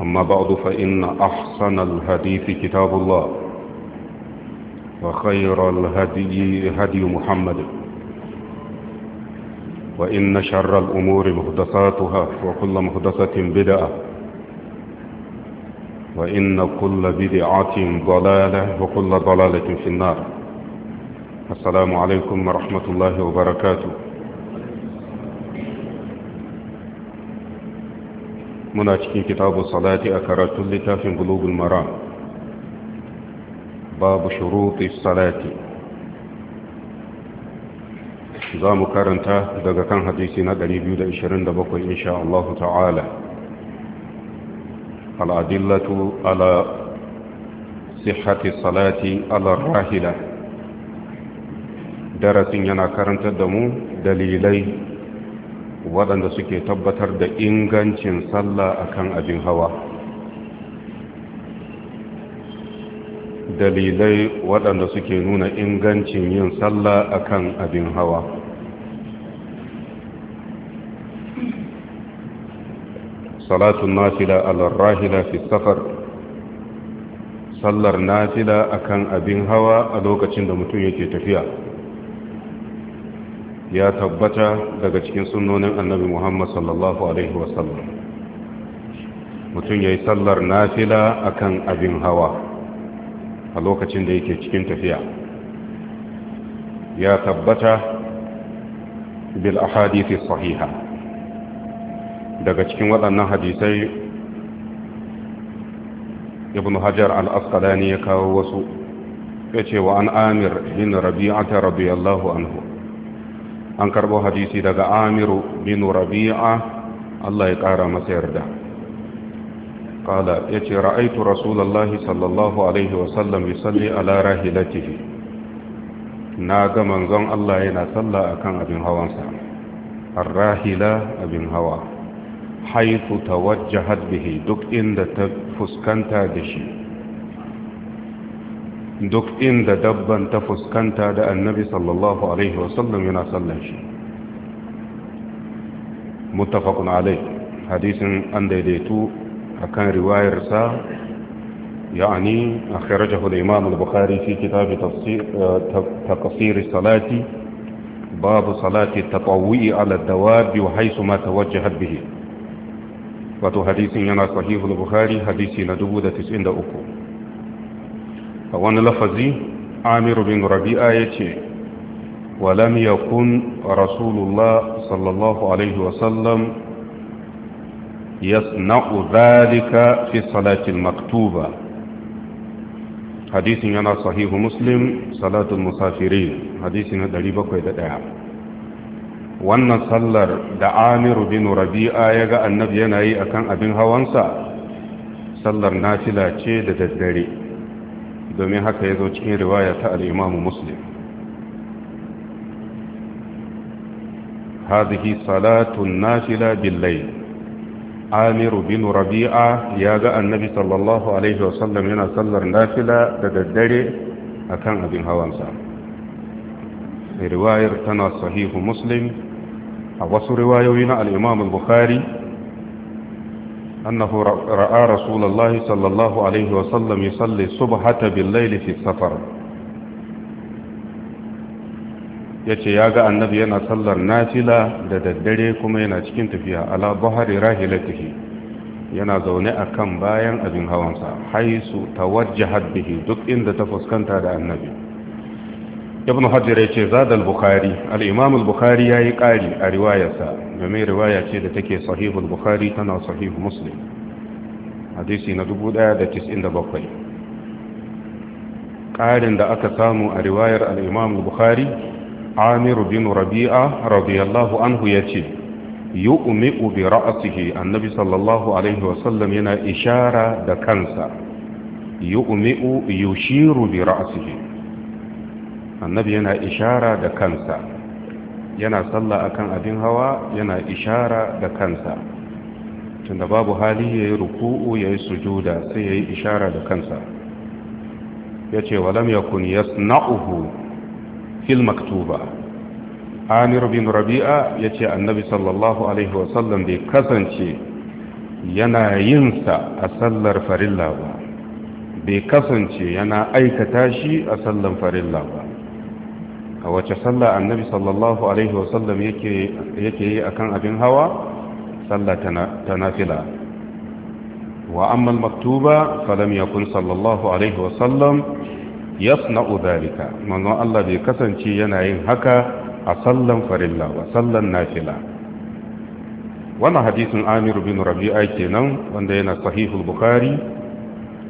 أما بعد فإن أحسن الحديث كتاب الله وخير الهدي هدي محمد وإن شر الأمور مهدساتها وكل مهدسة بدعة وإن كل بدعة ضلالة وكل ضلالة في النار السلام عليكم ورحمة الله وبركاته muna cikin kitabu salati a karatun littafin bulugul mara. babu shuruti salati za mu karanta daga kan hadisi na 227 insha Allah ta'ala al'adillatu ala sihhati salati ala rahila darasin yana karanta da mu dalilai waɗanda suke tabbatar da ingancin sallah akan abin hawa dalilai waɗanda suke nuna ingancin yin sallah akan abin hawa salatun nafila alarrahila fi safar sallar nafila akan abin hawa a lokacin da mutum yake tafiya ya tabbata daga cikin sunanin annabi muhammad sallallahu alaihi wasallam mutum ya yi sallar nafila akan abin hawa a lokacin da yake cikin tafiya ya tabbata bil ahadithi sahiha daga cikin waɗannan hadisai ibn hajar al-asqalani ya kawo wasu ya ce wa an amir bin rabi'ata radiyallahu anhu an karbo hadisi daga amiru bin rabi'a Allah ya kara masa yarda ya yace ra'aitu rasulullahi sallallahu alaihi wasallam yusalli ala rahilatihi na ga manzon Allah yana sallah akan abin hawansa ar-rahila abin hawa haythu tawajjahat bihi duk inda ta fuskanta da shi duk inda dabban ta fuskanta da annabi sallallahu alaihi wasallam yana sallan shi muttafaqun alai hadisin an daidaitu akan riwayarsa ya'ani a al-imam al-bukhari fi kitab tafsir taqsir salati babu salati ta ala dawab wa haythu ma wajen bihi wato hadisin yana sahihul bukhari hadisi na 1093 a wani lafazi amiru bin rabi'a ya ce walam yakun rasulullah sallallahu alaihi wasallam yasna'u zalika fi salatin maktuba hadisin yana sahihu muslim salatul musafirin hadisi na 701 wannan sallar da amiru bin rabi'a ya ga annabi yana yi akan abin hawansa sallar nafila ce da daddare domin haka ya zo cikin riwaya ta al’imamu muslim hadhihi salatun nafila billai amiru bin rabi'a ya ga annabi sallallahu alaihi wasallam yana sallar nafila da daddare a kan abin hawansa riwayar tana sahihu muslim a wasu riwayoyi na al’imamu Bukhari. أنه رأى رسول الله صلى الله عليه وسلم يصلي الصبحة بالليل في السفر yace ya ga annabi yana sallar nafila da daddare kuma yana cikin tafiya ala bahari rahilatihi yana zaune a kan bayan abin hawansa haisu tawajjahat bihi duk inda ta fuskanta da annabi ibn hajjira ya ce zadal bukari al'imamul Bukhari ya yi ƙari a riwayarsa game riwaya ce da take al-Bukhari tana sahihu muslim hadisi na 1097 ƙarin da aka samu a riwayar al'imamul Bukhari amiru bin rabi'a radiyallahu anhu ya ce yi umi'u bi ra'asihi annabi sallallahu alaihi wasallam yana ishara da kansa yi u yushiru bi ra'asihi annabi yana ishara da kansa yana sallah akan abin hawa yana ishara da kansa tunda babu hali yayi ruku'u yayi sujuda sai yayi ishara da kansa yace walam ya sna'uhu? fil maktuba Amir bin Rabi'a yace annabi sallallahu alaihi wasallam bai kasance yana yin sa a sallar farilla ba bai kasance yana aikata shi a sallan farilla ba a wace sallah annabi sallallahu alaihi wasallam yake yi akan abin hawa sallah ta nafila wa amma maktuba falam yakun sallallahu alaihi wasallam yasna'u dhalika manzon Allah bai kasance yana yin haka a sallan farilla wa sallan nafila wannan hadisin Amiru bin Rabi'a kenan wanda yana sahihul Bukhari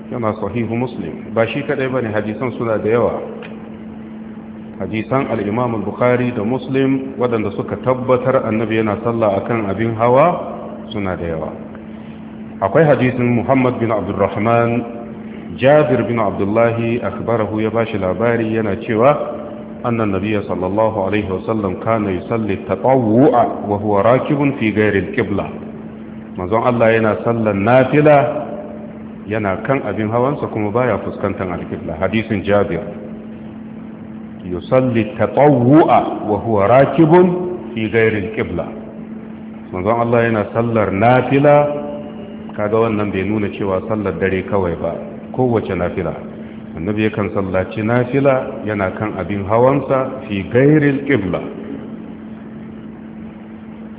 yana sahihu Muslim ba shi kadai bane hadisan suna da yawa hadisan al al-bukhari da muslim waɗanda suka tabbatar annabi yana sallah akan abin hawa suna da yawa akwai hadisin muhammad bin Abdulrahman jabir bin abdullahi akbarahu ya bashi labari yana cewa annan nabiya sallallahu alaihi wasallam kana yusalli tatawwu'a wa huwa rakibun fi ghairi kibla qibla manzon Allah yana sallan nafila yana kan abin hawansa kuma baya fuskantar alkibla qibla hadisin jabir yusalli tatawwu'a wa huwa rakibun fi ghairi qibla manzon Allah yana sallar nafila kaga wannan bai nuna cewa sallar dare kawai ba kowace nafila annabi yakan sallaci nafila yana kan abin hawansa fi ghairi qibla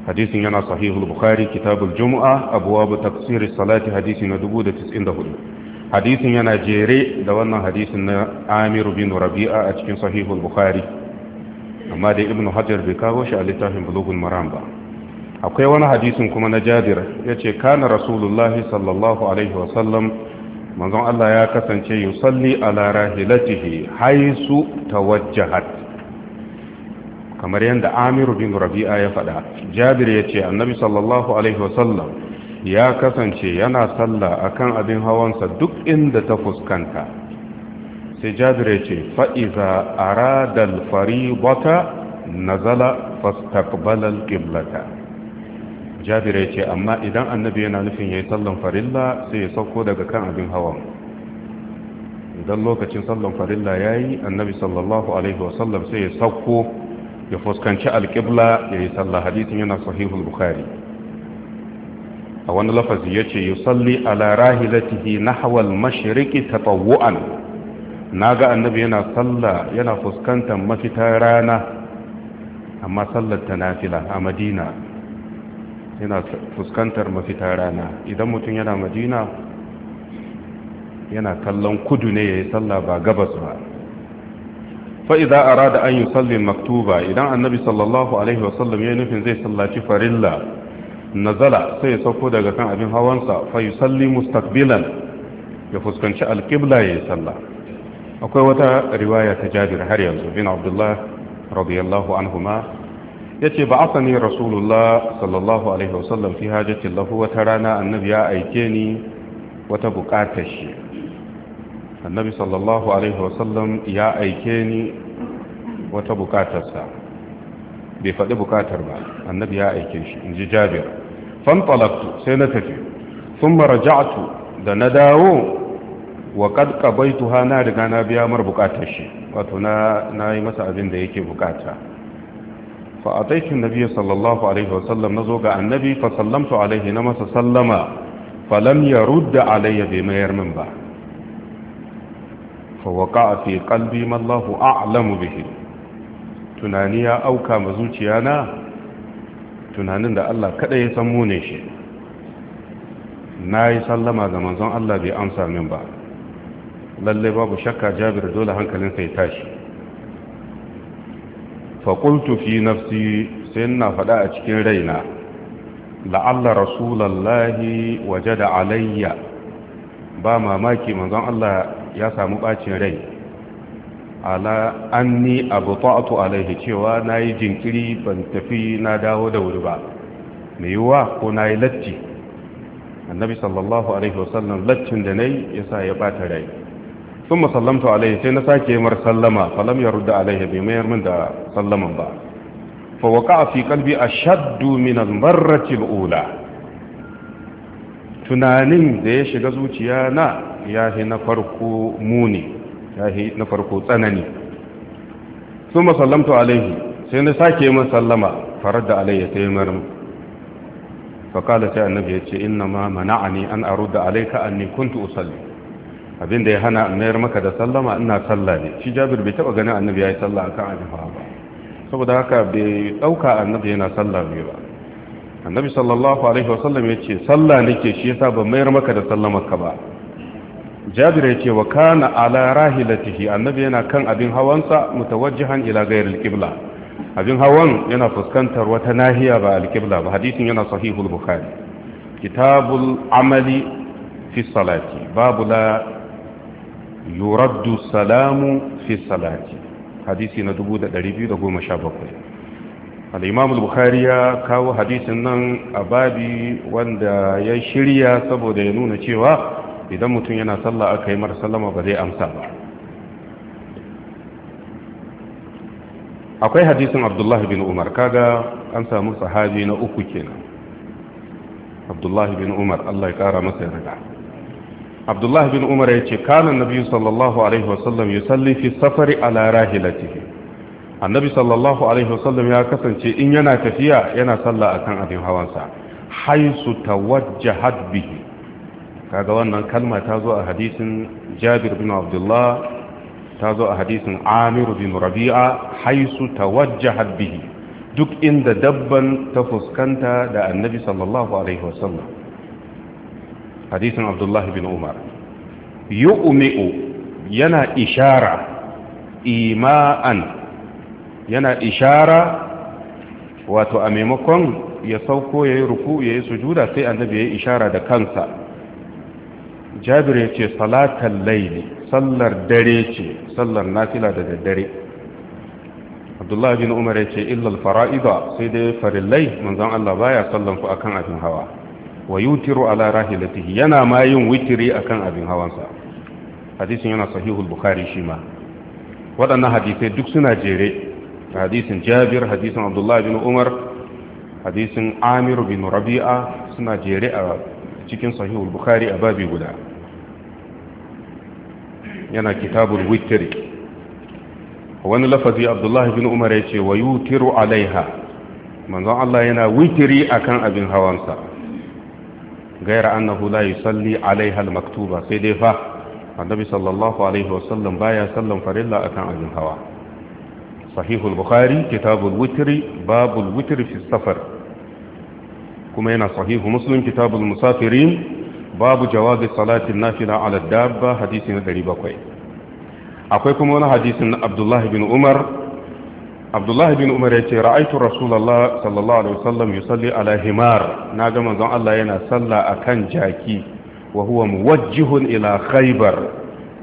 حديث ينا صحيح البخاري كتاب الجمعة أبواب تقصير الصلاة حديث ندبو دا تسئن hadisin yana jere da wannan hadisin na amiru bin rabi'a a cikin sahihul bukhari amma dai ibnu hajar bai kawo shi a littafin bulugun maram ba akwai wani hadisin kuma na jabir ce kana rasulullahi sallallahu alaihi wasallam manzon Allah ya kasance yusalli ala rahilatihi haisu tawajjahat kamar yadda amiru bin rabi'a ya faɗa jabir yace annabi sallallahu alaihi wasallam ya kasance yana sallah akan abin hawansa duk inda ta fuskanta sai jabir ce fa'iza aradal faribata nazala fastaqbalal qiblata jabir ce amma idan annabi yana nufin yayin sallan farilla sai ya sauko daga kan abin hawan idan lokacin sallan farilla yayi annabi sallallahu alaihi wasallam sai ya sauko ya fuskanci alqibla yayin sallah hadisin yana sahihul bukhari a wani lafazi ya ce yusalli ala rahilatihi nahwal mashriqi tatawu'an ga annabi yana salla yana fuskantar mafitar rana amma sallar ta nafila a madina yana fuskantar mafitar rana idan mutum yana madina yana kallon kudu ne ya yi sallah, ba gabas ba Fa'iza a rada an yi sallin maktuba idan annabi sallallahu alaihi wasallam yayin nufin zai sallaci farilla nazala sai ya sauko daga kan abin hawansa fa salli mustaqbilan ya fuskanci alqibla ya salla akwai wata riwaya ta Jabir har yanzu bin Abdullah radiyallahu anhuma ce ba asani rasulullah sallallahu alaihi wasallam fi hajati lahu wata rana annabi ya aike ni wata buƙatar shi annabi sallallahu alaihi wasallam ya aike ni wata buƙatarsa, bai faɗi buƙatar ba annabi ya aike shi in ji jabir fantalaktu sai na tafi sun maraja'atu da na dawo wa kad qabaituha na riga na biya mar bukatar shi wato na masa abin da yake bukata fa ataitu nabiy sallallahu alaihi wa sallam nazo ga annabi fa sallamtu alaihi na masa sallama fa lam yurd alayya bi mayar min ba fa waqa fi qalbi ma a'lamu bihi tunani ya auka ma na. tunanin da Allah kada ya san mune shi na yi sallama ga manzon Allah bai amsa min ba lallai babu shakka jabir dole hankalinsa ya tashi faƙultu fi nafsi sai na faɗa a cikin raina la'alla rasulallahi waje da alayya ba mamaki manzon Allah ya samu ɓacin rai ala anni abu ta'atu alaihi cewa na yi jinkiri ban tafi na dawo da wuri ba mai yiwuwa ko na yi latti annabi sallallahu alaihi wasallam lattin da na yi ya sa ya bata rai sun masallamta alaihi sai na sake mar sallama falam ya rudda alaihi bai mayar min da sallaman ba fa waka a fi kalbi a shaddu min almarratil ula tunanin da ya shiga zuciya na ya na farko muni yahi na farko tsanani sun masallamta alaihi sai na sake min sallama farar da alaiya ta yi marin fakala sai annabi ya ce inna ma mana'ani an aro da alaika ne kuntu usalli abinda ya hana mayar maka da sallama ina salla ne shi jabir bai taba ganin annabi ya yi salla kan abin ba saboda haka bai dauka annabi yana salla ne ba annabi sallallahu alaihi wasallam ya ce salla nake shi yasa ban mayar maka da sallamar ka ba jabir ya ce wa kana ala rahilatihi annabi yana kan abin hawansa mutawajjihan ila ghayril qibla abin hawan yana fuskantar wata nahiya ba alqibla ba hadisin yana sahihul bukhari kitabul amali fi salati babu la yuraddu salamu fi salati hadisi na 2217 al-imam al-bukhari ya kawo hadisin nan a babi wanda ya shirya saboda ya nuna cewa idan mutum yana sallah aka yi sallama ba zai amsa ba akwai hadisin abdullahi bin umar kaga an samu sahabi na uku kenan abdullahi bin umar allah ya kara masa yarda abdullahi bin umar ya ce kanan nabi sallallahu alaihi wasallam ya salli fi safari ala rahilatihi annabi sallallahu alaihi wasallam ya kasance in yana tafiya yana sallah akan abin hawansa haisu tawajjahat bihi kaga wannan kalma ta zo a hadisin jabir bin abdullah ta zo a hadisin amir bin rabi'a haisu tawajjahat bihi duk inda dabban ta fuskanta da annabi sallallahu alaihi wasallam hadisin abdullah bin umar yu'mi'u yana ishara ima'an yana ishara wato a maimakon ya sauko ya yi ruku ya yi sujuda sai annabi ya yi ishara da kansa jabir ya ce salatan laili sallar dare ce sallar nafila da daddare abdullahi bin umar ya ce illal fara'iza sai dai farillai manzon Allah baya sallan akan abin hawa wa yutiru ala rahilatihi yana ma yin witiri akan abin hawansa hadisin yana sahihul bukhari shi ma waɗannan hadisai duk suna jere hadisin jabir hadisin abdullahi bin umar hadisin amir bin rabi'a suna jere a cikin sahihul bukhari a babi guda yana kitabul witri wani lafazi abdullahi bin umar ya ce wa yutiru alaiha manzon Allah yana witri akan abin hawansa gaira annahu la yusalli alaiha almaktuba sai dai fa annabi sallallahu alaihi wasallam baya sallan farilla akan abin hawa sahihul bukhari kitabul witri babul witri fi safar kuma yana sahihu muslim kitabul musafirin babu jawazi salatin nafila ala dabba hadisi na 700 akwai kuma wani hadisin na abdullahi bin umar abdullahi bin umar ya ce ra'aitu rasulullah sallallahu alaihi wasallam yusalli ala himar na ga manzon Allah yana sallah akan jaki wa huwa muwajjihun ila khaybar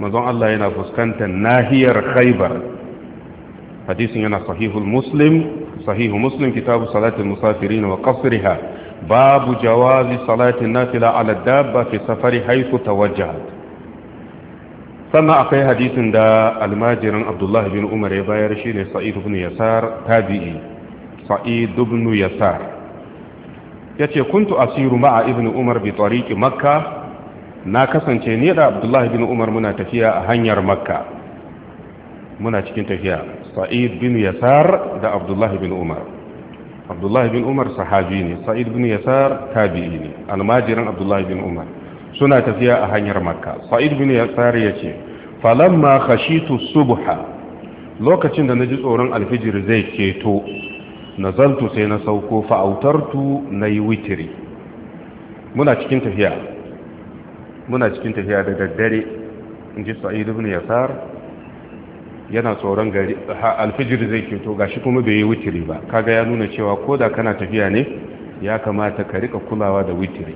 manzon Allah yana fuskantar nahiyar khaybar hadisin yana sahihul muslim sahihu muslim kitabu salatul musafirin wa qasriha babu jawazi salatin nafila ala dabba fi safari haisu tawajjahat sannan akwai hadisin da almajirin abdullahi bin umar ya bayar shi ne sa'id ibn yasar tabi'i sa'id ibn yasar yace kuntu asiru ma'a ibn umar bi makka na kasance ni da abdullahi bin umar muna tafiya a hanyar makka muna cikin tafiya sa'id bin yasar da abdullahi bin umar abdullahi bin umar sahabi ne sa'id bin yasar tabi'i ne almajirin abdullahi bin umar suna tafiya a hanyar makka sa'id bin yasar ya ce falamma khashitu subha lokacin da na ji tsoron alfijir zai keto nazaltu sai na sauko fa'autartu na yi witiri muna cikin tafiya muna cikin tafiya da daddare in ji sa'id bin yasar yana tsoron gari alfijir zai keto gashi kuma bai yi witiri ba kaga ya nuna cewa koda kana tafiya ne ya kamata ka rika kulawa da witiri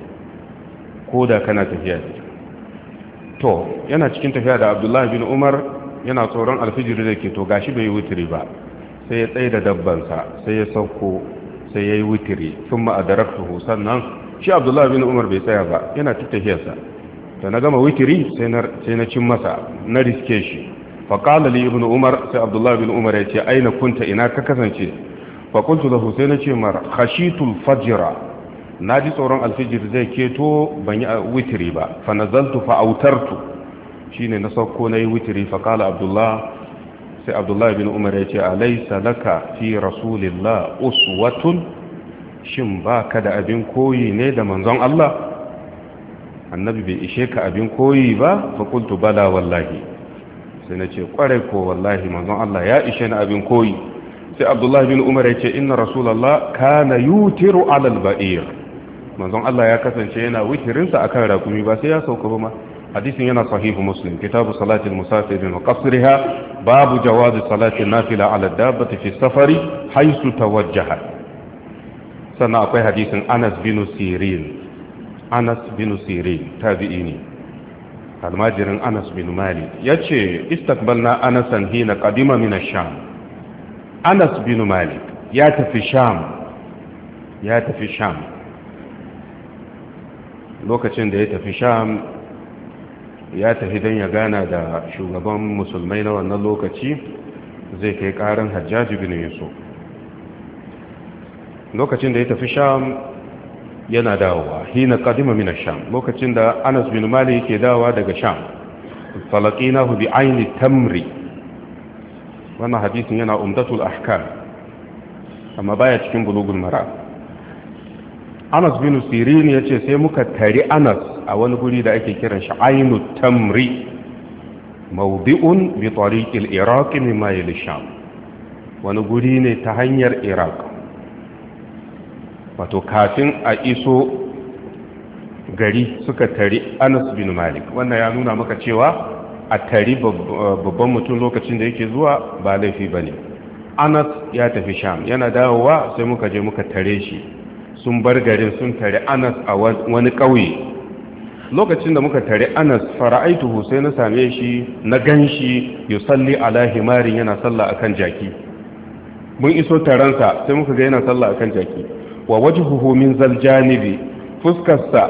koda kana tafiya ne to yana cikin tafiya da abdullahi bin umar yana tsoron alfijir zai keto gashi bai yi witiri ba sai ya tsaye da dabbansa sai ya sauko sai ya yi witiri sun ma'adaraktuhu sannan shi abdullahi bin umar bai tsaya ba yana tafiyarsa da na gama witiri sai na cin masa na riske shi faƙala li ibn umar sai abdullahi bin umar ya ce aina kunta ina ka kasance faƙuntu da hussein na ce mar khashitul fajira na ji tsoron alfijir zai keto ban yi witiri ba fa nazaltu fa autartu shine na sauko na yi witiri faƙala abdullahi sai abdullahi bin umar ya ce alaisa laka fi rasulillah uswatun shin ba ka da abin koyi ne da manzon Allah annabi bai ishe ka abin koyi ba faƙuntu bala wallahi sai na ce kwarai ko wallahi manzon Allah ya ishe ni abin koyi sai abdullahi bin umar ya ce inna rasulallah kana yutiru alal ba'ir manzon Allah ya kasance yana witirinsa akan rakumi ba sai ya sauka ba ma hadisin yana sahihu muslim kitabu salatin musafirin wa qasriha babu jawazi salatin nafila ala dabbati fi safari haisu tawajjaha sannan akwai hadisin Anas bin Sirin Anas bin Sirin tabi'i ne almajirin anas bin Malik ya ce istakbalna anasan hina kadima mina sham anas bin Malik ya tafi sham ya tafi sham lokacin da ya tafi sham ya tafi don ya gana da shugaban musulmai na wannan lokaci zai kai karin hajjaji bin yusuf lokacin da ya tafi sham yana dawowa hina na min mina sham lokacin da Anas bin mali yake dawowa daga Sham falaqinahu bi aini tamri wannan hadisin yana umdatul ahkam amma baya cikin bulugul mara Anas bin Sirin ce sai muka tari Anas a wani guri da ake kiran shi ainu tamri maudi'un bi tariqil iraq mimma yal sham wani guri ne ta hanyar iraq wato kafin a iso gari suka tari anas bin malik wannan ya nuna maka cewa a tari babban mutum lokacin da yake zuwa ba laifi ba ne anas ya tafi sham yana dawowa sai muka je muka tare shi sun bar garin sun tare anas a wani ƙauye lokacin da muka tare anas fara'aituhu sai na same shi na gan shi yusalli ala himarin yana sallah akan jaki mun iso taransa sai muka ga yana sallah akan jaki wa wajhuhu min zal janibi fuskarsa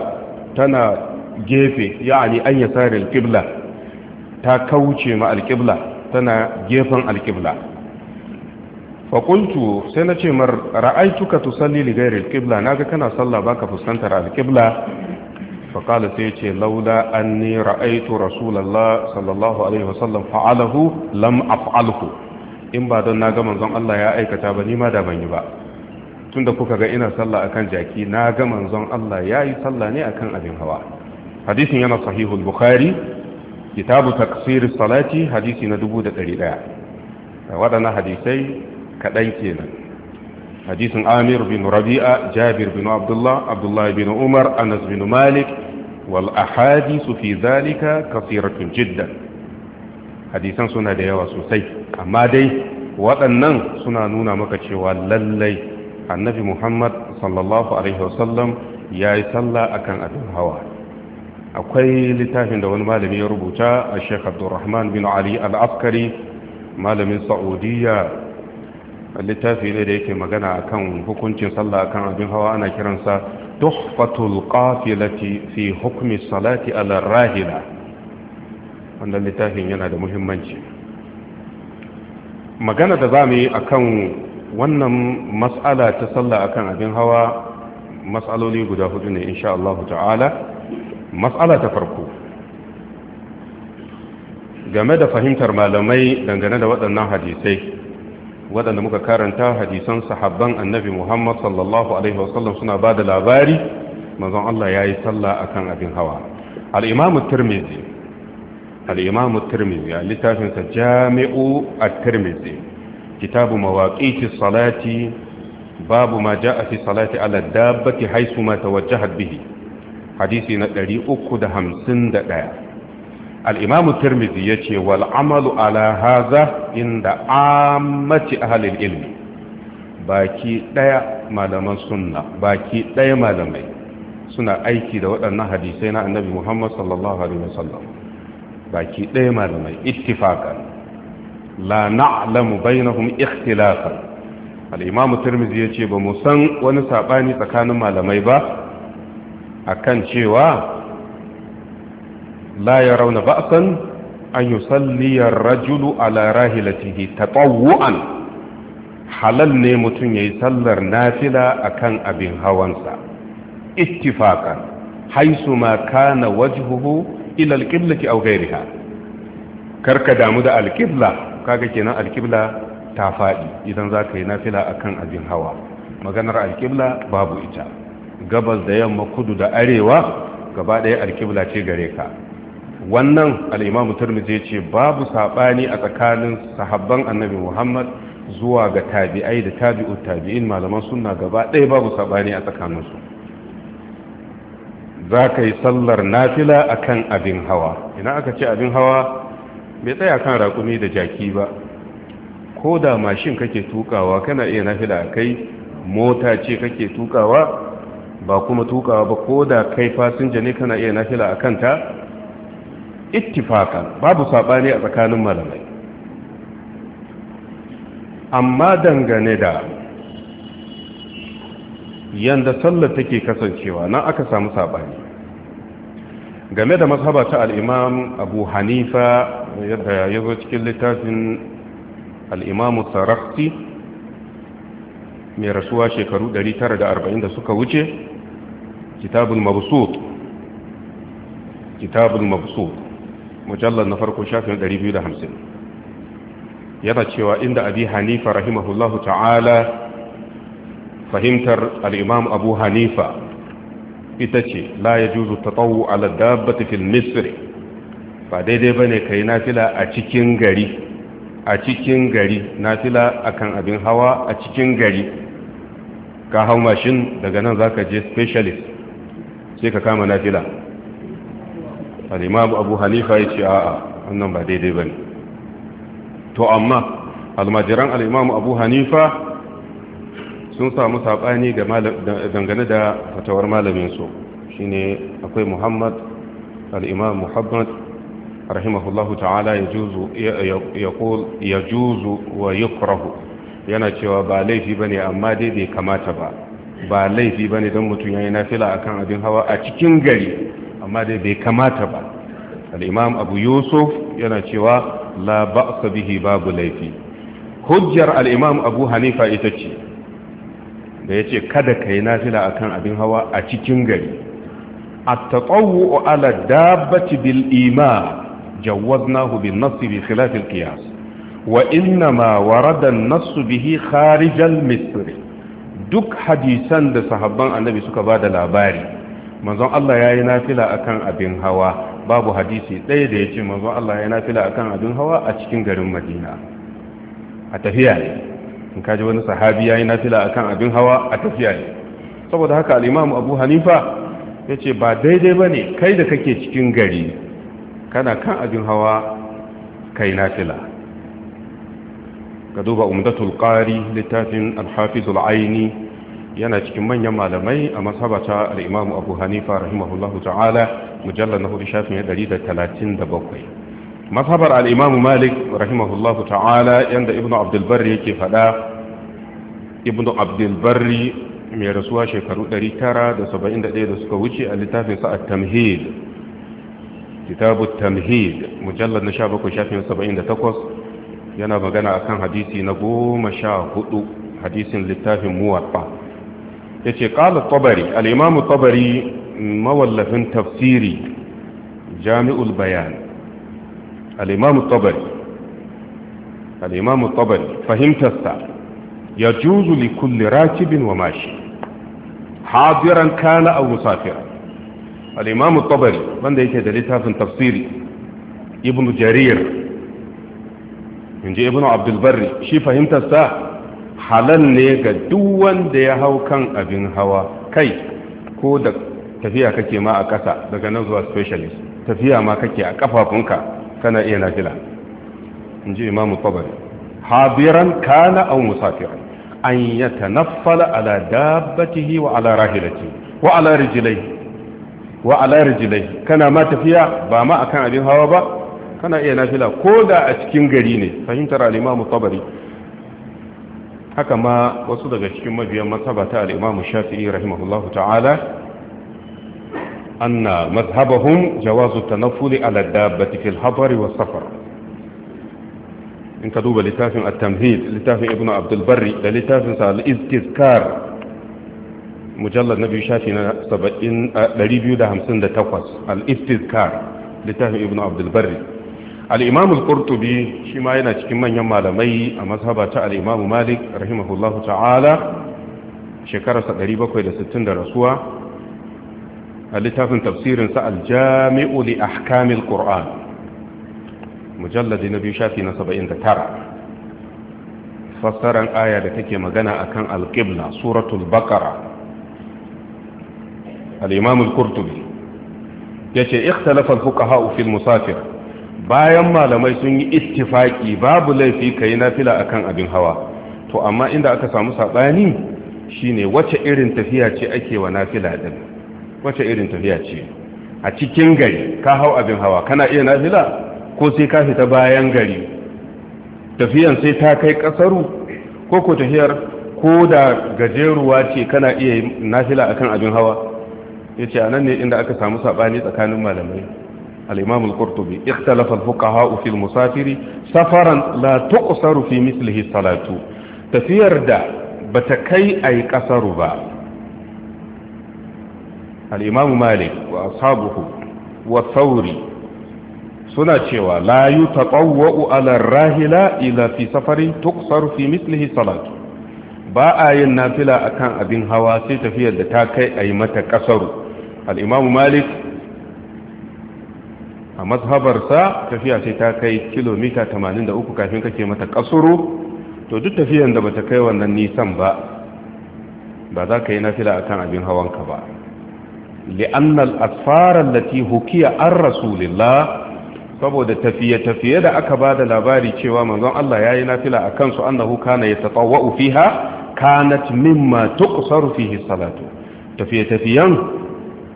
tana gefe yani an yasar alqibla ta kauce ma alqibla tana gefen alqibla fa qultu sai na ce mar ra'aituka tusalli li ghairi alqibla naga kana sallah baka fuskantar alqibla fa qala sai ce laula anni ra'aitu rasulullah sallallahu alaihi wasallam fa'alahu lam af'alhu in ba don naga manzon Allah ya aikata ba ni ma da ban yi ba tunda kuka ga ina sallah akan jaki na ga manzon Allah yayi sallah ne akan abin hawa hadisin yana sahihul bukhari kitabu taksir salati hadisi na 1100 waɗannan hadisai kadan kenan hadisin amir bin rabi'a jabir bin abdullah abdullah bin umar anas bin malik wal Ahadi fi zalika kasiratun jiddan hadisan suna da yawa sosai amma dai waɗannan suna nuna maka cewa lallai annabi muhammad sallallahu alaihi wasallam ya yi sallah akan abin hawa akwai littafin da wani malami ya rubuta a shek abdurrahman bin ali al askari malamin sa'udiyya littafi ne da yake magana akan hukuncin sallah akan abin hawa ana kiransa tuhfatul qafilati fi hukmi salati ala rahila wannan littafin yana da muhimmanci magana da mu yi akan wannan mas'ala ta sallah akan abin hawa mas'aloli guda hudu ne insha Allah ta'ala mas'ala ta farko game da fahimtar malamai dangane da waɗannan hadisai waɗanda muka karanta hadisan sahabban annabi Muhammad sallallahu alaihi wasallam suna ba da labari manzon Allah ya yi sallah akan abin hawa al-imamu tirmidhi al-imamu tirmidhi a littafinsa jami'u at-tirmidhi kitabu mawaƙiƙi salati babu ma ja a fi salati ala dabbati haisu ma tawajjahat bihi hadisi na 351 al-imamu tirmidhi yace wal amalu ala hadha inda ammati ahli ilmi baki daya malaman sunna baki daya malamai suna aiki da waɗannan hadisai na annabi Muhammad sallallahu alaihi wasallam baki daya malamai ittifaqan la na'lamu bainahum ikhtilafan alimamu imam yace ba mu san wani sabani tsakanin malamai ba akan cewa la yarawna ba'san an yusalli ar-rajulu ala rahilatihi halal ne mutum yayi sallar nafila akan abin hawansa ittifaqan haisu ma kana wajhuhu ila al-qiblati aw ghayriha karka damu da al kaga kenan alkibla ta faɗi idan za ka yi nafila a kan abin hawa maganar alkibla babu ita gabas da yamma kudu da arewa gaba ɗaya alkibla ce gare ka wannan al'imamu turmizi ce babu saɓani a tsakanin sahabban annabi muhammad zuwa ga tabi'ai da tabi'u tabi'in malaman suna gaba ɗaya babu saɓani a tsakaninsu za ka yi sallar nafila a kan abin hawa ina aka ce abin hawa bai tsaya kan raƙumi da jaki ba ko da mashin kake tukawa kana iya nafila a kai mota ce kake tukawa ba kuma tukawa ba ko da kai fasinja ne kana iya nafila a kanta ittifakan babu saɓani a tsakanin malamai amma dangane da yanda sallar take kasancewa nan aka samu saɓani game da mazhaba ta al'imam abu hanifa yadda ya zo cikin littafin al'imamu sarafti mai rasuwa shekaru 940 da suka wuce kitabun mabsut kitabul mabsut mujallar na farko shafin 250 yana cewa inda abi hanifa rahimahullahu ta'ala fahimtar al'imam abu hanifa ita ce la ya juzu ta tsawo ala dabbata fil misri ba daidai ba ne ka yi nafila a cikin gari a cikin gari nafila a kan abin hawa a cikin gari ka hau mashin daga nan za ka je specialist sai ka kama nafila al'imamu abu hanifa ya ce a'a wannan ba daidai ba ne to amma almajiran al'imamu abu hanifa sun samu saɓani dangane da fatawar malaminsu shine akwai muhammad al'imam muhammad رحمه الله تعالى يجوز يقول يجوز ويكره yana cewa ba laifi bane amma dai bai kamata ba ba laifi bane don mutum yayi nafila akan abin hawa a cikin gari amma dai bai kamata ba al-imam abu yusuf yana cewa la ba'sa bihi babu laifi hujjar al-imam abu hanifa ita ce da yace kada kai nafila akan abin hawa a cikin gari at-tatawwu ala dabbati bil iman جوزناه بالنص بخلاف القياس وإنما ورد النص به خارج المصر duk hadisan da sahaban annabi suka ba da labari manzon Allah ya yi nafila akan abin hawa babu hadisi ɗaya da ya ce manzon Allah ya yi nafila akan abin hawa a cikin garin madina a tafiya ne in kaji wani sahabi ya yi nafila akan abin hawa a tafiya ne saboda haka al'imamu abu hanifa ya ce ba daidai ba ne kai da kake cikin gari kana kan abin hawa kai nafila ka duba umdatul qari littafin al-hafiz al-aini yana cikin manyan malamai a masabata al-imam abu hanifa rahimahullahu ta'ala mujallal na hudu shafin 137 mazhabar al'imamu malik rahimahullahu ta'ala yadda ibn abdulbari yake fada ibn abdulbari mai rasuwa shekaru 971 da suka wuce a littafin a tamhid kitabu tamhid mujallar na 17 shafin 78 yana magana akan hadisi na goma sha hudu hadisin littafin muwatta ya ce ƙala tabari al'imamu tabari mawallafin tafsiri jami'ul bayan al'imamu tabari al'imamu tabari fahimtarsa ya juzu li kulli rakibin wa mashi hadiran kana a musafiran. al-imam wanda yake da littafin tafsiri ibnu jarir inji ibnu abdul barri shi fahimtar halal ne ga duk wanda ya hau kan abin hawa kai ko da tafiya kake ma a ƙasa daga nan zuwa specialist tafiya ma kake a kafafunka kana iya nafila inji imam at-tabari habiran kana aw musafiran an yatanaffala ala dabbatihi wa ala rahilatihi wa ala rijlaihi wa ala jilai kana ma tafiya ba ma akan abin hawa ba kana iya nafila ko da a cikin gari ne fahimtar al tabari haka ma wasu daga cikin mabiyan mazhaba ta al shafi'i rahimahullah ta'ala anna mazhabahum jawazu tanaffuli ala dabbati fil hadari was safar in ka duba littafin at-tamhid littafin ibnu abdul barri da littafin sa al-istizkar mujallar na biyu shafi na 258 al-istizkar littafin ibn abdulbari al-imam al-qurtubi shi ma yana cikin manyan malamai a mazhaba ta al-imam malik rahimahullahu ta'ala shekararsa 760 da rasuwa a littafin tafsirinsa al-jami'u li ahkamil qur'an mujallar na biyu shafi na 79 fassaran aya da take magana akan al-qibla suratul baƙara. al-imam ya ce yace ikhtalafa al-fuqaha musafir bayan malamai sun yi ittifaki babu laifi yi nafila kan abin hawa to amma inda aka samu saɓani shine wace irin tafiya ce ake wa nafila din wace irin tafiya ce a cikin gari ka hau abin hawa kana iya nafila ko sai ka fita bayan gari tafiyan sai ta kai kasaru ko ko tafiyar ko da gajeruwa ce kana iya nafila akan abin hawa Ya ce a nan ne inda aka samu saɓani tsakanin malamai al-imam al-qurtubi ikhtalafa al-fuqaha fi al-musafiri safaran la tuqsaru fi mithlihi salatu tafiyar da ba ta kai a yi ƙasaru ba al-imam malik wa ashabuhu wa thawri suna cewa la yutaqawwa'u ala ar-rahila ila fi safarin tuqsaru fi mithlihi salatu ba a yin nafila akan abin hawa sai tafiyar da ta kai a yi mata ƙasaru. al'imamu malik a mazhabarsa tafiya sai ta kai kilomita 83 kafin kake mata kasuru to duk tafiyan da bata kai wannan nisan ba ba za ka yi nafila a kan abin hawanka ba li'annal asfarar da ti hukiya an rasulillah saboda tafiye-tafiye da aka ba da labari cewa manzon Allah ya yi nafila a kansu annahu kana ya taɓawa ufiha kanat mimma tuqsaru fihi salatu tafiye-tafiyen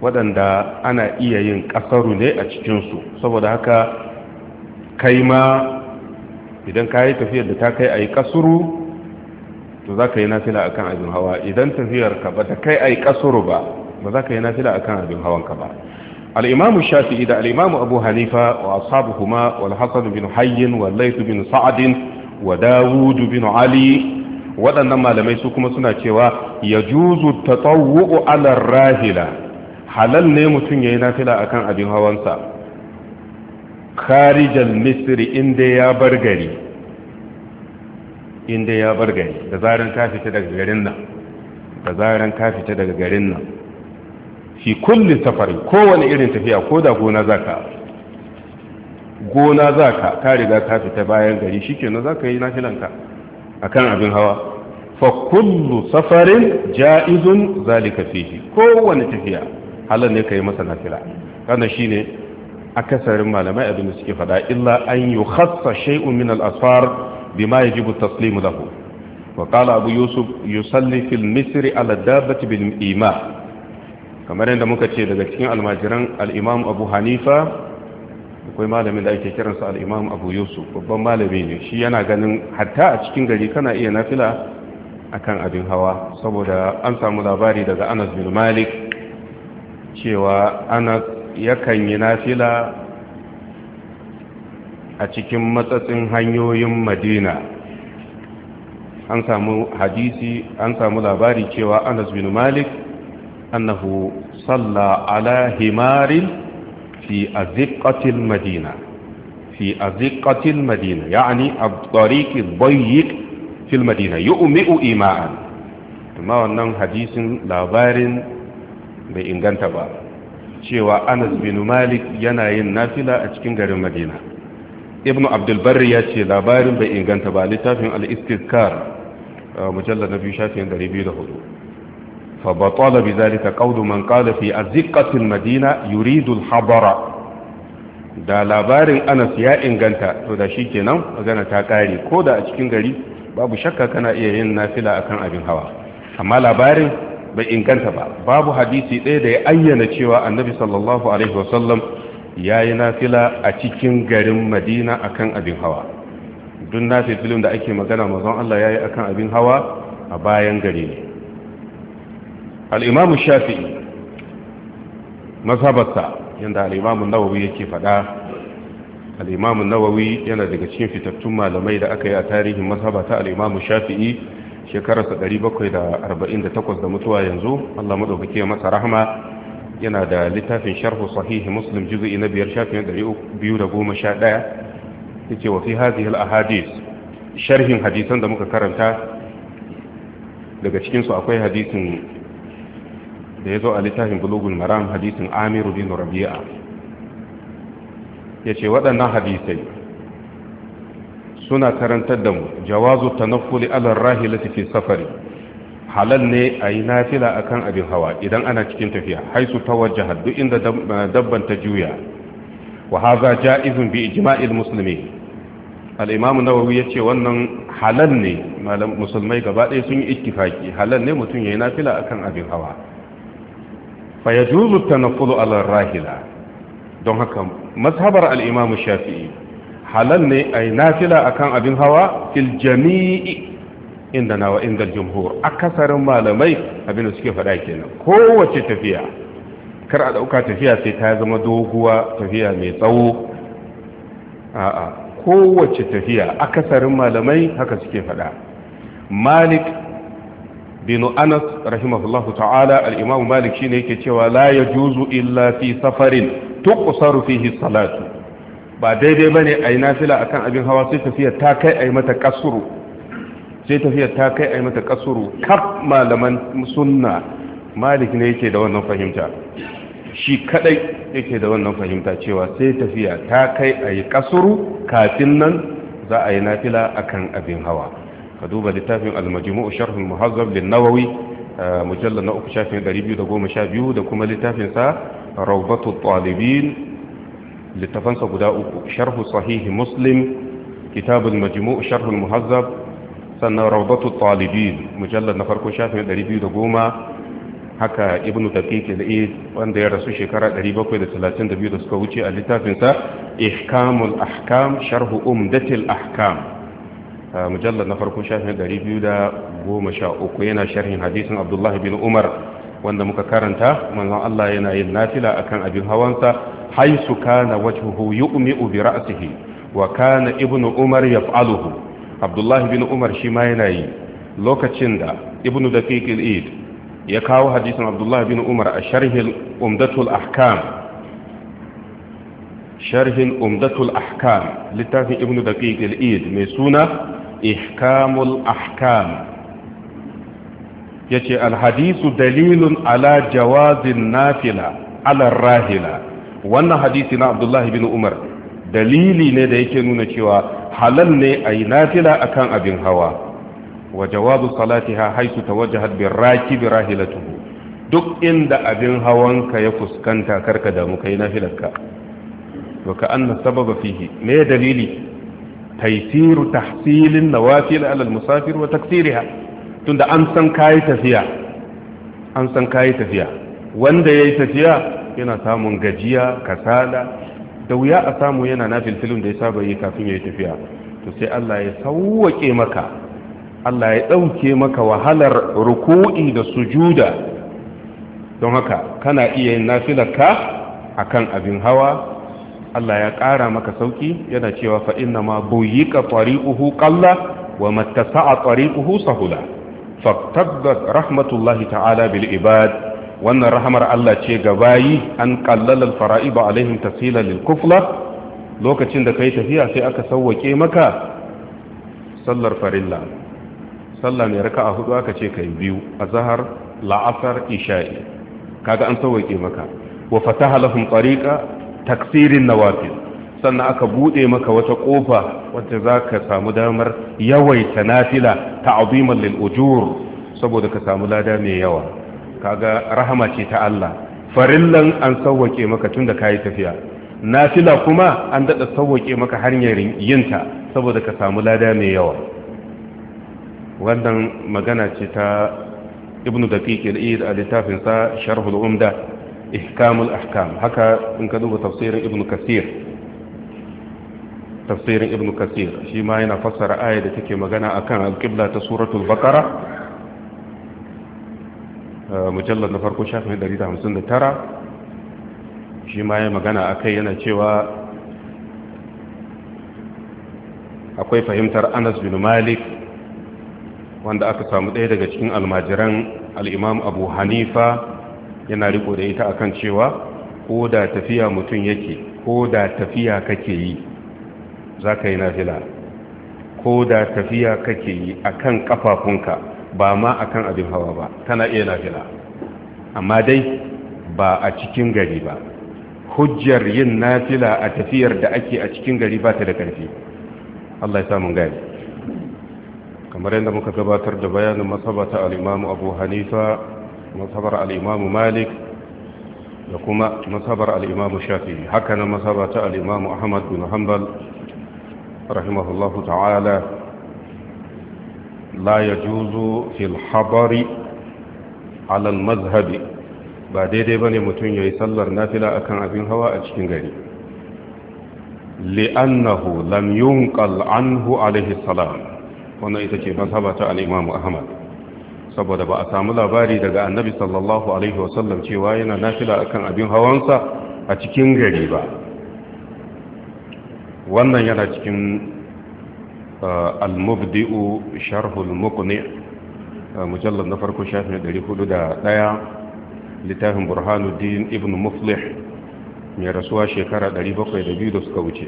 waɗanda ana iya yin ƙasaru ne a cikinsu saboda haka kai ma idan ka yi tafiyar da ta kai a yi ƙasuru to za ka yi nafila a kan abin hawa idan tafiyar ka ba ta kai a yi ƙasuru ba ba za ka yi nafila a kan abin hawanka ba al'imamu shafi'i da al'imamu abu hanifa wa asabu kuma wal hasan bin hayyin wa laitu bin sa'adin wa dawudu bin ali waɗannan malamai su kuma suna cewa ya juzu ta ala rahila halal ne mutum ya yi nafila a kan abin hawansa karijan misiri inda ya bar gari inda ya bar gari da zaren kafita daga garin nan da zaren kafita daga garin nan fi kulli safari kowane irin tafiya ko da gona za ka gona za ka ta riga ka fita bayan gari shi nan za ka yi nafilanka a kan abin hawa fa kullu safarin jaizun zalika fihi kowanne tafiya. halar ne ka yi masa nafila wannan shine akasarin malamai abin da suke fada illa an yi khassa shay'un min al-asfar bima yajibu taslimu lahu wa abu yusuf yusalli fil misri ala dabbati bil ima kamar yadda muka ce daga cikin almajiran al abu hanifa akwai malamin da ake kiransa al abu yusuf babban malami ne shi yana ganin hatta a cikin gari kana iya nafila akan abin hawa saboda an samu labari daga anas bin malik cewa ana yakan yi nafila a cikin matsatsin hanyoyin madina an samu hadisi an samu labari cewa anas bin malik annahu salla ala himarin fi aziqatil madina fi aziqatil madina yani abdariki bayyik fil madina yu'mi'u ima'an kuma wannan hadisin labarin bai inganta ba cewa anas bin malik yana yin nafila a cikin garin madina ibnu abdulbarri ya ce labarin bai inganta ba littafin al-istizkar mujallar na biyu shafin 204 fa batala bi zalika qawlu man qala fi azqati madina yuridu habara da labarin anas ya inganta to da shi kenan magana ta kare ko da a cikin gari babu shakka kana iya yin nafila akan abin hawa amma labarin bai inganta ba babu hadisi ɗaya da ya ayyana cewa annabi sallallahu alaihi wasallam ya yi nafila a cikin garin madina akan abin hawa duk filin da ake magana mazan Allah ya yi akan abin hawa a bayan gari ne al'imamu shafi'i mazhabarsa yadda al'imamun nawawi yake faɗa al'imamun nawawi yana daga cikin fitattun malamai da aka yi a tarihin mazhabata al'imamu shafi'i shekararsa 748 da mutuwa yanzu Allah maɗaukake ya masa rahama yana da littafin sharhu sahihi muslim juzu'i na biyar shafin 211 ce wa fi hadhihi a hadis, sharhin hadisan da muka karanta daga cikinsu akwai hadisin da ya zo a littafin bulugul maram hadisin amiru dinu Rabi'a ya ce waɗannan hadisai suna karantar da mu jawazu tanaffuli ala rahilati fi safari halal ne a yi nafila kan abin hawa idan ana cikin tafiya haisu tawajjaha duk inda dabban ta juya wa hadha ja'izun bi ijma'il muslimin al-imam an yace wannan halal ne musulmai gaba ɗaya sun yi ittifaki halal ne mutum yayi nafila kan abin hawa fa yajuzu tanaffulu ala rahila don haka mazhabar al'imamu imam shafi'i halal ne a nafila akan abin hawa fil jami'i inda nawa inda jumhur akasarin malamai abin da suke faɗa kenan kowace tafiya kar a ɗauka tafiya sai ta zama doguwa tafiya mai tsawo a'a kowace tafiya akasarin malamai haka suke faɗa malik bin anas rahimahullahu ta'ala al malik shine yake cewa la yajuzu illa fi safarin tuqsaru fihi salatu ba daidai ba ne a yi nafila a kan abin hawa sai tafiyar ta kai a yi mata kasuru sai tafiyar ta kai a yi mata kasuru kaf malaman sunna malik ne yake da wannan fahimta shi kadai yake da wannan fahimta cewa sai tafiya ta kai a yi kasuru kafin nan za a yi nafila a kan abin hawa ka duba littafin almajimu sharhul muhazzab lin nawawi eh, mujalla na uku shafin 212 da kuma sa rawbatul talibin littafansa guda uku sharhu sahihi muslim kitabul majmu' sharhul muhazzab sannan rawdatu talibin mujallad na farko shafin 210 haka ibnu daqiq al-eid wanda ya rasu shekara 732 da suka wuce a littafinsa ihkamul ahkam Sharhu umdatil ahkam mujallad na farko shafin 213 yana sharhin hadisin abdullahi bin umar wanda muka karanta manzon Allah yana yin nafila akan abin hawansa haisu kana wajhuhu yu'mi'u bi ra'sihi wa kana Ibn umar yaf'aluhu abdullahi bin umar shi ma yana yi lokacin da ibnu ya kawo hadisin abdullahi bin umar a umdatul ahkam sharhin umdatul ahkam littafin Ibn daqiq al mai suna ihkamul ahkam yace al-hadisu dalilun ala jawazin nafila ala rahila wannan hadisi na abdullahi bin umar dalili ne da yake nuna cewa halal ne a yi nafila a kan abin hawa wa jawabu salatiha haisu ta waje hadbin raki bi rahilatuhu duk inda abin hawanka ya fuskanta karka damu kai nafilarka wa ka anna sababa fihi me dalili taisiru tahsilin nawafil alal musafir wa taksiriha tunda an san kayi tafiya an san kayi tafiya wanda yayi tafiya yana samun gajiya kasala da wuya a samu yana nafil filin da ya saba yi kafin ya yi tafiya to sai Allah ya sauwake maka Allah ya ɗauke maka wahalar ruku'i da sujuda don haka kana iya yin nafilarka a kan abin hawa Allah ya ƙara maka sauki yana cewa fa'inna ma buyika tsari'uhu ƙalla wa matasa a tsari'uhu sahula faktabbat rahmatullahi ta'ala bil ibad wannan rahamar Allah ce ga bayi an qallala al-fara'iba alaihim tasila lil kufla lokacin da kai tafiya sai aka sauwake maka sallar farilla sallah mai raka'a hudu aka ce kai biyu azhar la'asar isha'i kaga an sauwake maka wa fataha lahum tariqa taksirin nawafil sannan aka bude maka wata kofa wacce zaka samu damar yawaita nafila ta'ziman lil ujur saboda ka samu lada mai yawa kaga rahama ce ta Allah farillan an sauwake maka tun da kayi tafiya nafila kuma an daɗa sauwake maka hanyar yinta saboda ka samu lada mai yawa wannan magana ce ta ibnu daqiq al-eid a littafin sa sharh al-umda ihkamul ahkam haka in ka duba tafsirin ibnu kasir tafsirin ibnu kasir shi ma yana fassara aya da take magana akan al-qibla ta suratul baqara Eh, mujallar na farko shafin 159 shi ma ya magana a kai yana cewa akwai fahimtar anas bin malik wanda aka samu ɗaya daga cikin almajiran al'imam abu hanifa yana riko da ita akan cewa ko da tafiya mutum yake ko da tafiya kake yi za ka yi nafila ko da tafiya kake yi a kan kafafunka ba ma akan abin hawa ba tana iya nafila amma dai ba a cikin gari ba hujjar yin nafila a tafiyar da ake a cikin gari ba ta da ƙarfi Allah ya samu gari kamar yadda muka gabatar da bayanin masabata al-imamu abu hanifa masabar al malik da kuma masabar al'imamu shafi haka na masaba ta al'imamu ahmad bin hanbal rahimahullahu ta'ala la ya juzu fil habari mazhabi ba daidai ba ne mutum ya yi sallar nafila kan abin hawa a cikin gari li'annahu lam yunqal anhu alaihi salam wannan ita ce mazhaba ta al Ahmad saboda ba a samu labari daga Annabi sallallahu alaihi wasallam cewa yana nafila akan abin hawansa a cikin gari ba wannan yana cikin al-mubdi'u sharhul muqni mujallad na farko ɗari da ɗaya littafin burhanuddin ibn muflih mai rasuwa shekara ɗari bakwai da biyu da suka wuce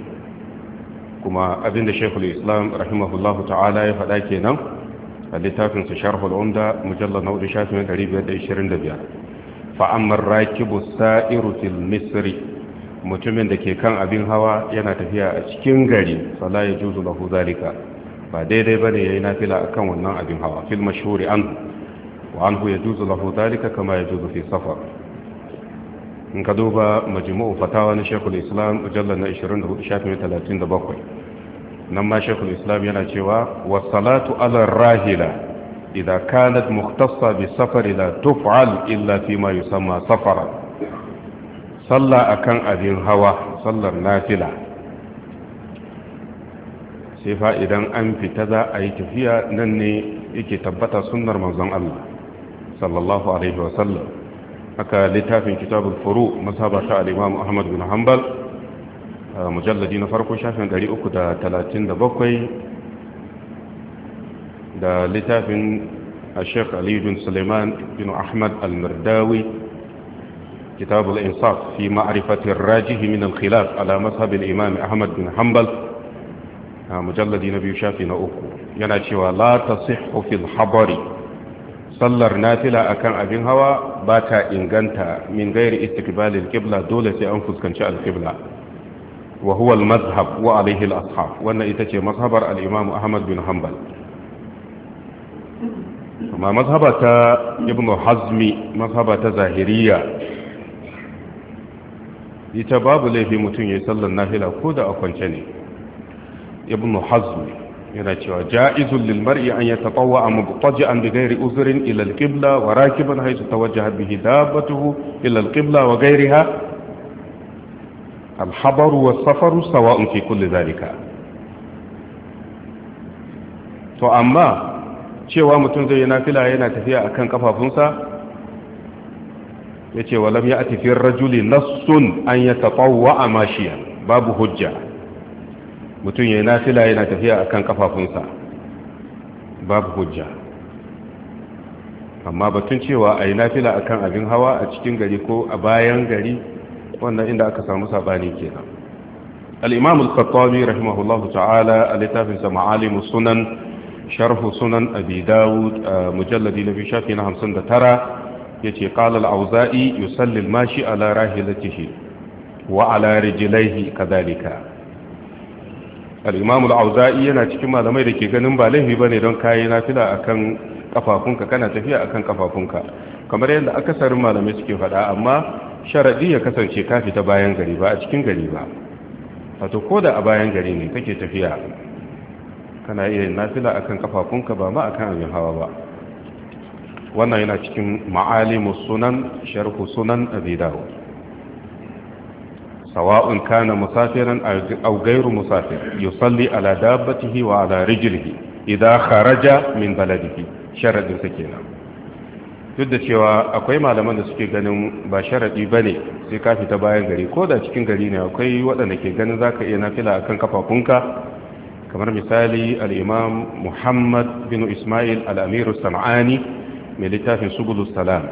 kuma abinda shekul islam rahimahullahu ta'ala ya faɗa kenan a littafinsa sharhul umda mujallad na ɗari biyar da ishirin da biyar fa'ammar rakibu sa'iru fil misri mutumin da ke kan abin hawa yana tafiya a cikin gari fala ya juzu lahu zalika ba daidai ba ne bane yayi nafila kan wannan abin hawa fil mashhuri anhu wa anhu yajuzu lahu zalika kama ya juzu fi safar in ka duba majmu'u fatawa na Sheikhul Islam jallar na 24 37 nan ma Sheikhul Islam yana cewa was salatu ala rahila idza kanat mukhtassa bi safari la tuf'al illa fi ma yusamma safara sallah akan abin hawa sallar nafila sai fa idan an fita za a yi tafiya nan ne yake tabbata sunnar manzon Allah sallallahu alaihi wa sallam aka littafin kitabul furu masaba ta al-imam Ahmad bin Hanbal mujalladi na farko shafin 337 da littafin الشيخ علي بن bin بن أحمد المرداوي كتاب الإنصاف في معرفة الراجح من الخلاف على مذهب الإمام أحمد بن حنبل مجلد نبي شافنا أكو ينشوى لا تصح في الحضر صلر نافلة أكان أبن هوا باتا إنغانتا من غير استقبال الكبلة دولة أنفس كنشاء الكبلة وهو المذهب وعليه الأصحاب وأن إتشي مذهب الإمام أحمد بن حنبل amma mazhabata ibnu hazmi mazhabata zahiriya ita babu laifi mutum ya yi sallar nafila ko da a kwance ne ibn hazm yana cewa ja'izu, lil mar'i an yatatawwa mubtaji'an bi ghairi uzrin qibla wa rakiban haythu tawajjaha bihi dabbatuhu ila qibla wa ghayriha al-habaru was-safaru sawa'un fi kulli dhalika to amma cewa mutum zai yi nafila yana tafiya akan kafafunsa yace walam ya atifin rajuli nassun an ya taɓawa a mashiya babu hujja mutum ya yi nafila yana tafiya akan kafafunsa babu hujja amma batun cewa a yi nafila kan abin hawa a cikin gari ko a bayan gari wannan inda aka samu sabani kenan al-imam al-khattabi rahimahullahu ta'ala a littafinsa ma'alimu sunan sharhu sunan abi dawud mujalladi na biyu shafi na hamsin da tara yace qala al-auza'i yusalli al-mashi ala rahilatihi wa ala rijlaihi kadhalika al-imam al-auza'i yana cikin malamai da ke ganin ba laifi bane don kai nafila akan kafafunka kana tafiya akan kafafunka kamar yadda akasarin malamai suke faɗa amma sharadi ya kasance ka fita bayan gari ba a cikin gari ba wato ko da a bayan gari ne kake tafiya kana iya nafila akan kafafunka ba ma akan abin hawa ba wannan yana cikin ma'alimu sunan sharhu sunan abi sawa'un kana musafiran aw ghayru musafir yusalli ala dabbatihi wa ala rijlihi idza kharaja min baladihi sharadin sa kenan duk da cewa akwai malaman da suke ganin ba sharadi bane sai ka fita bayan gari ko da cikin gari ne akwai waɗanda ke ganin zaka iya nafila akan kafafunka kamar misali al-imam Muhammad bin Ismail al-Amir as-Sam'ani mai littafin sugulus salam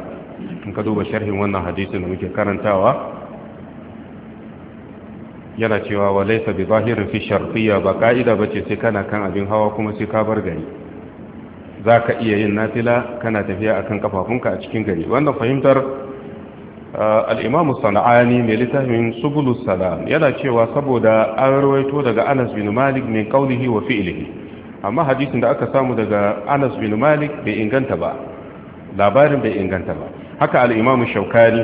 in ka duba sharhin wannan hadisun da muke karantawa yana cewa wa laisa bi zahirin fi sharfiya ba ka'ida ba ce sai kana kan abin hawa kuma sai ka bar gari zaka iya yin nafila kana tafiya akan kafafunka a cikin gari wannan fahimtar uh, al-Imam Sana'ani mai littafin Subulus Salam yana cewa saboda an rawaito daga Anas bin Malik min qawlihi wa fi'lihi amma hadisin da aka samu daga Anas bin Malik bai inganta ba labarin bai inganta ba haka al'imamu shaukari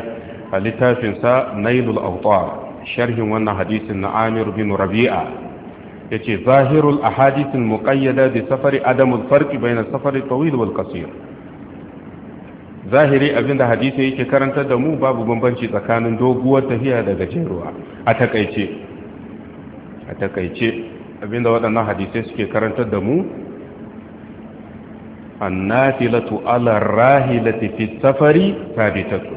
a littafinsa nailul autar sharhin wannan hadisin na amir bin rabi'a ya ce zahirul a hadisin muƙayyada da safari adamun farki bai na safari tawil wal kasir zahiri abinda hadisi yake karantar da mu babu bambanci tsakanin doguwar tafiya da gajeruwa a a takaice abinda waɗannan hadisai suke karantar da mu annafilatu ala rahilati fi safari thabitatu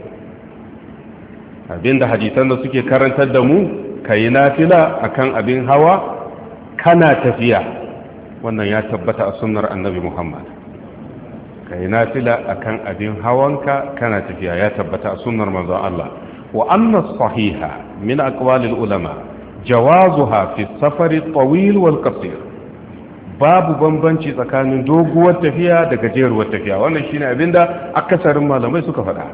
abinda hadisan da suke karantar da mu kai nafila akan abin hawa kana tafiya wannan ya tabbata a sunnar annabi Muhammad kai nafila akan abin hawanka kana tafiya ya tabbata a sunnar manzon Allah wa anna sahiha min aqwalil ulama jawazuha fi safari tawil wal qasir babu bambanci tsakanin doguwar tafiya da gajeruwar tafiya wannan shine abinda akasarin malamai suka faɗa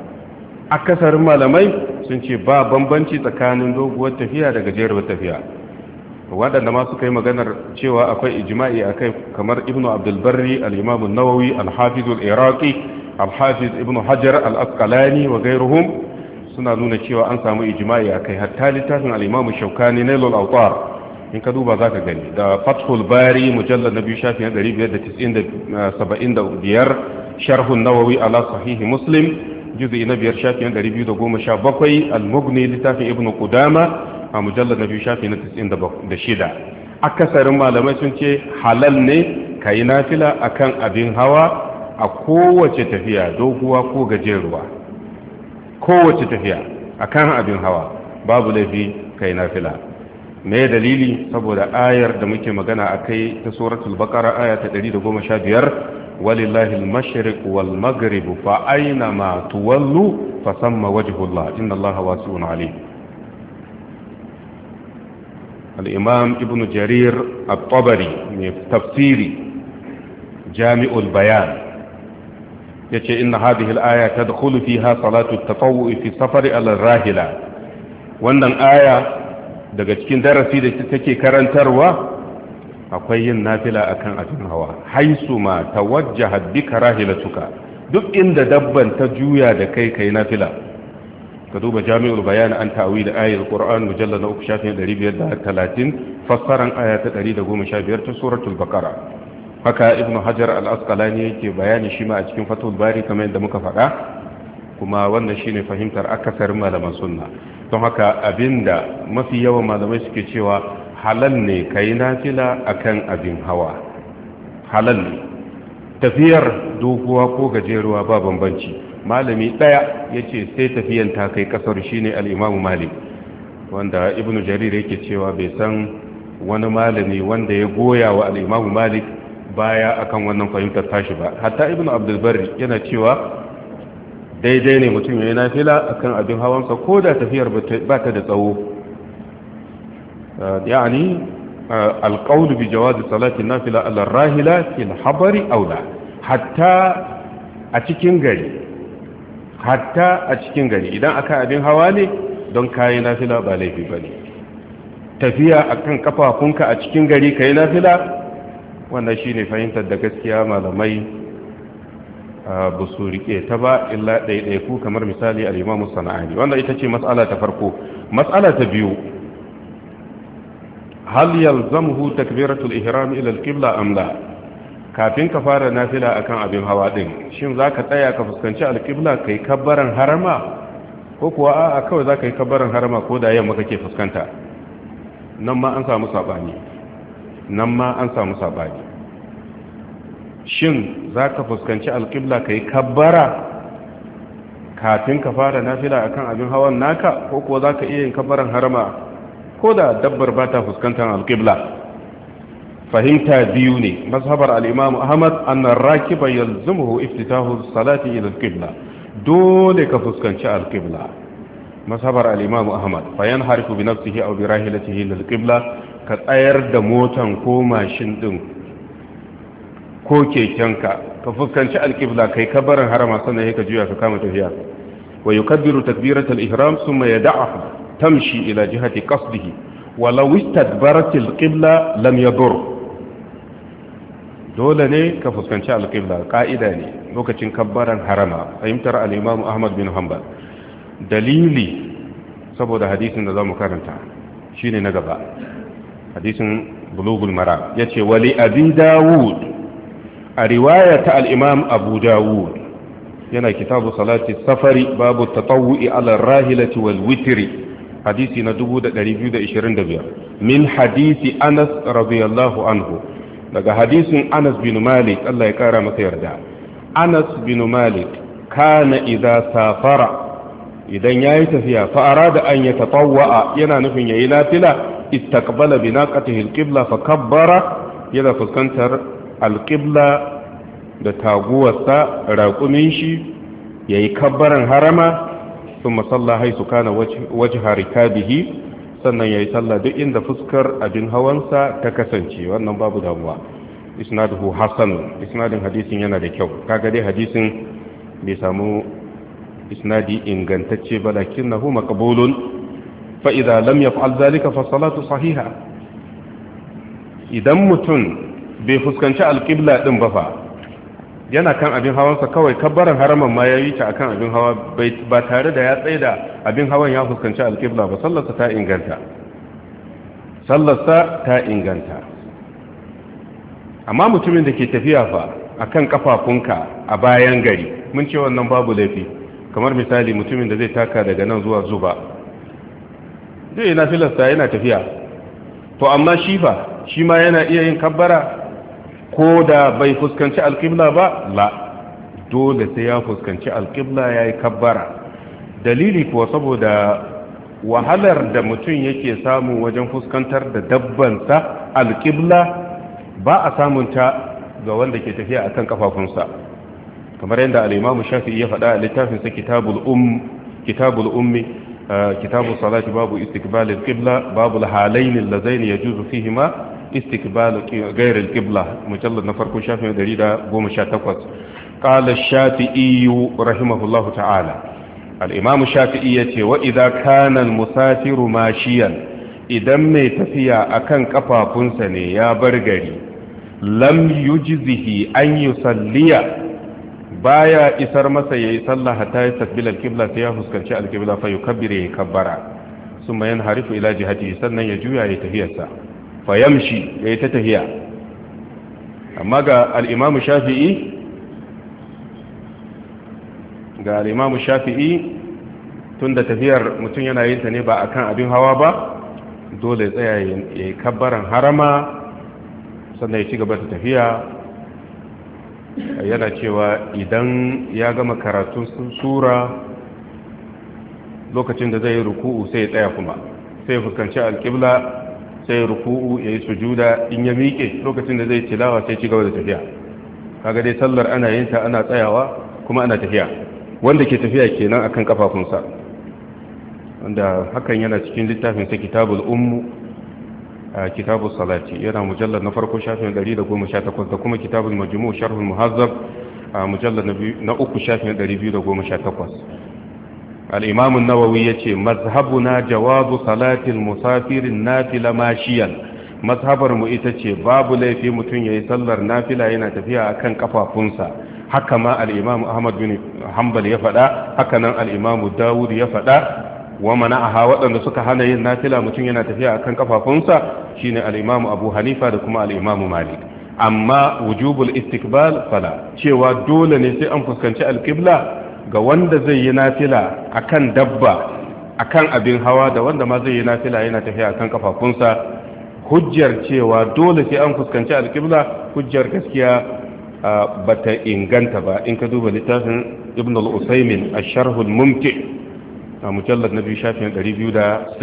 akasarin malamai sun ce ba bambanci tsakanin doguwar tafiya da gajeruwar tafiya waɗanda ma suka yi maganar cewa akwai ijma'i akai kamar ibnu abdulbarri al nawawi al-hafiz alhafiz iraqi al-hafiz ibnu hajar al-asqalani wa ghayruhum suna nuna cewa an samu ijma'i akai hatta littafin al-imam shaukani nailul awtar in ka duba za ka gani da fathul bari mujallar na biyu shafi na biyar, sharhun nawawi ala sahihi muslim juzi na biyar shafi na 217 al-mughni littafin ibn qudama a mujallar na biyu shafi na shida. akasarin malamai sun ce halal ne ka yi nafila akan abin hawa a kowace tafiya doguwa ko gajeruwa kowace tafiya akan abin hawa babu laifi ka yi nafila me dalili saboda ayar da muke magana akai ta suratul baqara aya ta 115 walillahi al-mashriq wal maghrib fa aina ma tuwallu fa samma wajhullah inna allaha wasi'un alim al-imam ibnu jarir at-tabari ne tafsiri jami'ul bayan yace inna hadhihi al-aya tadkhulu fiha salatu at-tatawwu fi safari ala rahila wannan aya daga cikin darasi da take karantarwa akwai yin nafila akan abin hawa haisu ma tawajjaha bika rahilatuka duk inda dabban ta juya da kai kai nafila ka duba jami'ul bayan an ta'wil ayatul qur'an mujallal 3 shafin talatin, fassaran aya ta 115 ta suratul bakara haka ibnu hajar al-asqalani yake bayani shi ma a cikin fatul bari kamar yadda muka faɗa kuma wannan shine fahimtar akasarin malaman sunna don haka abin da mafi yawan malamai suke cewa halal ne ka yi nafila kan abin hawa halal ne tafiyar doguwa ko gajeruwa ba bambanci malami ɗaya ya ce sai tafiyan ta kai ƙasar ne al'imamu malik wanda Ibn jarir yake cewa bai san wani malami wanda ya goya wa al'imamu malik baya akan wannan fahimtar tashi ba hatta Ibn abdulbari yana cewa daidai ne mutum ya yi nafila a kan abin hawansa ko da tafiyar ba ta da tsawo uh, yani uh, alƙaunu bi jawazi salatin nafila alar rahila fil habari aula hatta a cikin gari hatta a cikin gari idan aka abin hawa ne don kayi nafila ba laifi ba ne tafiya a kan kafafunka a cikin gari ka yi nafila wannan shi ne fahimtar da gaskiya malamai ba su rike ta ba illa ɗaiɗaiku kamar misali al'imamu sana'ani wanda ita ce matsala ta farko matsala ta biyu hal yalzamuhu takbiratul ihram ila al-qibla am la kafin ka fara nafila akan abin hawa din shin zaka tsaya ka fuskanci al-qibla kai kabbaran harama ko kuwa a'a kawai zaka yi kabbaran harama ko da yamma kake fuskanta nan ma an samu sabani nan ma an samu sabani shin za ka fuskanci alƙibla ka yi kabbara kafin ka fara nafila akan abin hawan naka ko kuwa za ka iya yin kabbaran harama ko da dabbar ba ta fuskantar alƙibla fahimta biyu ne Mas'abar al'imamu ahmad annan rakiban yalzumuhu iftitahu salati ila alƙibla dole ka fuskanci alƙibla Mas'abar al'imamu ahmad fayan harifu bi nafsihi aw rahilatihi lil qibla ka tsayar da motan ko mashin din ko kekenka ka fuskanci alƙibla kai kabarin harama sannan ka juya ka kama tafiya wa yukaddiru takbirat al-ihram thumma yad'ahu tamshi ila jihati qasdihi wala law baratil ƙibla qibla dole ne ka fuskanci alƙibla ka'ida ne lokacin kabbaran harama fahimtar al Ahmad bin Hanbal dalili saboda hadisin da zamu karanta ne na gaba hadisin bulugul mara yace wali abi dawud a riwaya ta al-imam abu dawud yana kitabu salati safari babu tatawwu'i ala rahilati wal witiri hadisi na 2225 min hadisi anas radiyallahu anhu daga hadisin anas bin malik Allah ya kara masa yarda anas bin malik kana idza safara idan ya yi tafiya fa'ara da an ya tafawa'a yana nufin ya yi lafila istakbala bi naqatihi alqibla fa kabbara yana fuskantar alƙibla da taguwarsa raƙumin shi ya yi kabbaran harama sun masalla haisu kana waje harika bihi sannan ya yi sallah duk inda fuskar abin hawansa ta kasance wannan babu damuwa isnaduhu hassan isnadin hadisin yana da kyau kaga dai hadisin bai samu isnadi ingantacce ba lakinnahu maqbulun fa idza lam yaf'al dhalika fa fasalatu sahiha idan mutum bai fuskanci alƙibla ɗin ba fa yana kan abin hawansa kawai kabbaran haraman ma ya yi ta akan abin hawa ba tare da ya tsaye da abin hawan ya fuskanci alƙibla ba sallarsa ta inganta sallarsa ta inganta amma mutumin da ke tafiya fa akan kafafunka a bayan gari mun ce wannan babu laifi kamar misali mutumin da zai taka daga nan zuwa zuba zai na filasta yana tafiya to amma shifa fa shi ma yana iya yin kabbara ko da bai fuskanci alƙibla ba la dole sai ya fuskanci alƙibla ya yi kabbara dalili kuwa saboda wahalar da mutum yake samu wajen fuskantar da dabbansa alƙibla ba a samunta ga wanda ke tafiya a kan ƙafafunsa. kamar yadda al'imamu shafi iya faɗa a littafinsa kitabul um, ummi uh, kitabul salati babu istikbalin qibla babu lazaini ya juzu fihima istikbalu gairar qibla mujallar na farko shafin 118 qala shafi'i rahimahullahu ta'ala al-imam shafi'i yace wa idza kana al-musafiru mashiyan idan mai tafiya akan kafafunsa ne ya bar gari lam yujzihi an yusalliya baya isar masa yayi sallah hatta ya tabbil al-qibla sai ya fuskanci al-qibla fa yukabbir ya kabbara summa yanharifu ila jihatihi sannan ya juya ya tafiyarsa fayamshi ya yi ta tafiya amma ga al'imamu shafi'i ga al'imamu shafi'i tun da tafiyar mutum yana yin ta ne ba kan abin hawa ba dole ya tsaya ya kabbaran harama sannan ya ci gaba da tafiya yana cewa idan ya gama karatun sura lokacin da zai yi ruku'u sai ya tsaya kuma sai ya fuskanci alƙibla sai ruku'u ya yi sujuda in ya miƙe lokacin da zai tilawa sai ci gaba da tafiya kaga dai sallar ana yin ta ana tsayawa kuma ana tafiya wanda ke tafiya kenan akan kafafunsa wanda hakan yana cikin littafin sa kitabul ummu a kitabul salati yana mujallar na farko shafin 118 da kuma kitabul majmu' sharhul muhazzab a mujallar na uku shafin 218 al'imamun nawawi ya ce na jawabu salatin musafirin nafila mashiyan mu ita ce babu laifi mutum ya yi sallar nafila yana tafiya akan kan kafafunsa haka ma al'imamu ahmad bin hanbal ya faɗa haka nan al'imamu dawud ya faɗa wa mana'aha waɗanda suka hana yin nafila mutum yana tafiya akan kafafunsa shine al-Imam Abu Hanifa da kuma al-Imam Malik amma wujubul istiqbal fala cewa dole ne sai an fuskanci al ga wanda zai yi nafila a kan dabba a kan abin hawa da wanda ma zai yi nafila yana tafiya a kan kafafunsa hujjar cewa dole sai an fuskanci alƙibla hujjar gaskiya ba ta inganta ba in ka duba littafin ibn al a sharhul sharh mumti a mujallar na biyu shafin 268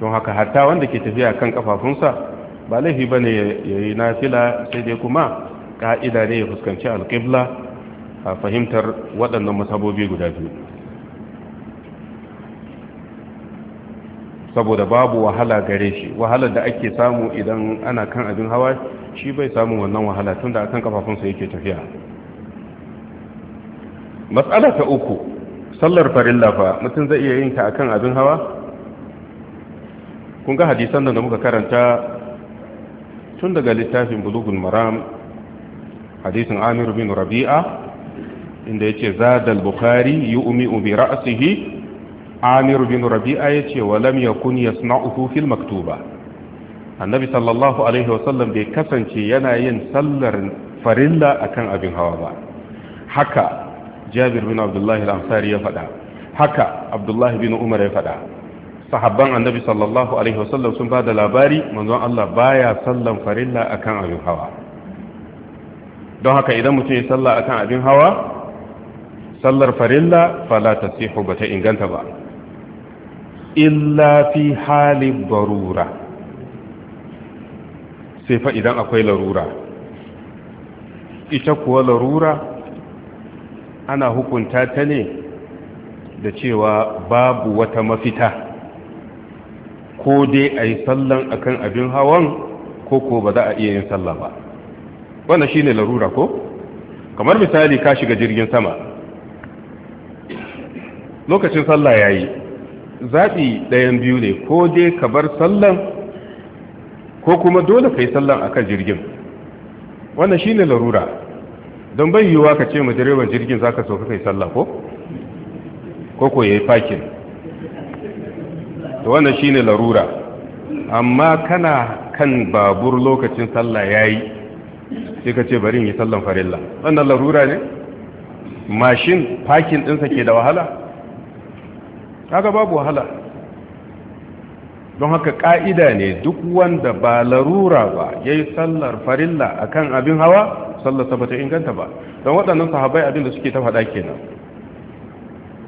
don haka hatta wanda ke tafiya kan kafafunsa ba laifi ya yi nafila sai dai kuma ka'ida ne ya fuskanci alƙibla a fahimtar waɗannan masabobi guda biyu saboda babu wahala gare shi wahala da ake samu idan ana kan abin hawa shi bai samu wannan wahala tunda akan kafafunsa yake tafiya matsala ta uku sallar farin lafa, mutum zai iya yin ta akan abin hawa kun ga hadisan da muka karanta tun daga littafin bulugun maram hadisin amir bin rabi'a inda yace zadal bukhari umi umi ra'asihi amir bin rabi'a yace wa kun yakun yasna'uhu fil maktuba annabi sallallahu alaihi wasallam bai kasance yana yin sallar farilla akan abin hawa ba haka jabir bin abdullahi al-ansari ya faɗa haka abdullahi bin umar ya faɗa sahabban annabi sallallahu alaihi wasallam sun ba da labari manzon Allah baya sallan farilla akan abin hawa don haka idan mutum ya sallah akan abin hawa sallar farilla fala tasihu bata inganta ba illa fi hali barura sai fa idan akwai larura ita kuwa larura ana hukunta ta ne da cewa babu wata mafita ko dai a yi sallan akan abin hawan ko ko ba za a iya yin sallah ba wannan shine larura ko kamar misali ka shiga jirgin sama lokacin sallah yayi zabi ɗayan biyu ne ko dai ka bar sallan ko kuma dole kai sallan akan jirgin wannan shine larura don bai yiwuwa ka ce mu direban jirgin zaka so kai sallah ko ko ko yayi fakin to wannan shine larura amma kana kan babur lokacin sallah yayi sai ka ce bari yi sallan farilla wannan larura ne mashin fakin ɗinsa ke da wahala kaga babu wahala don haka ƙa'ida ne duk wanda ba larura ba ya yi sallar farilla a kan abin hawa sallarsa ba ta inganta ba don waɗannan sahabai abin da suke ta faɗa kenan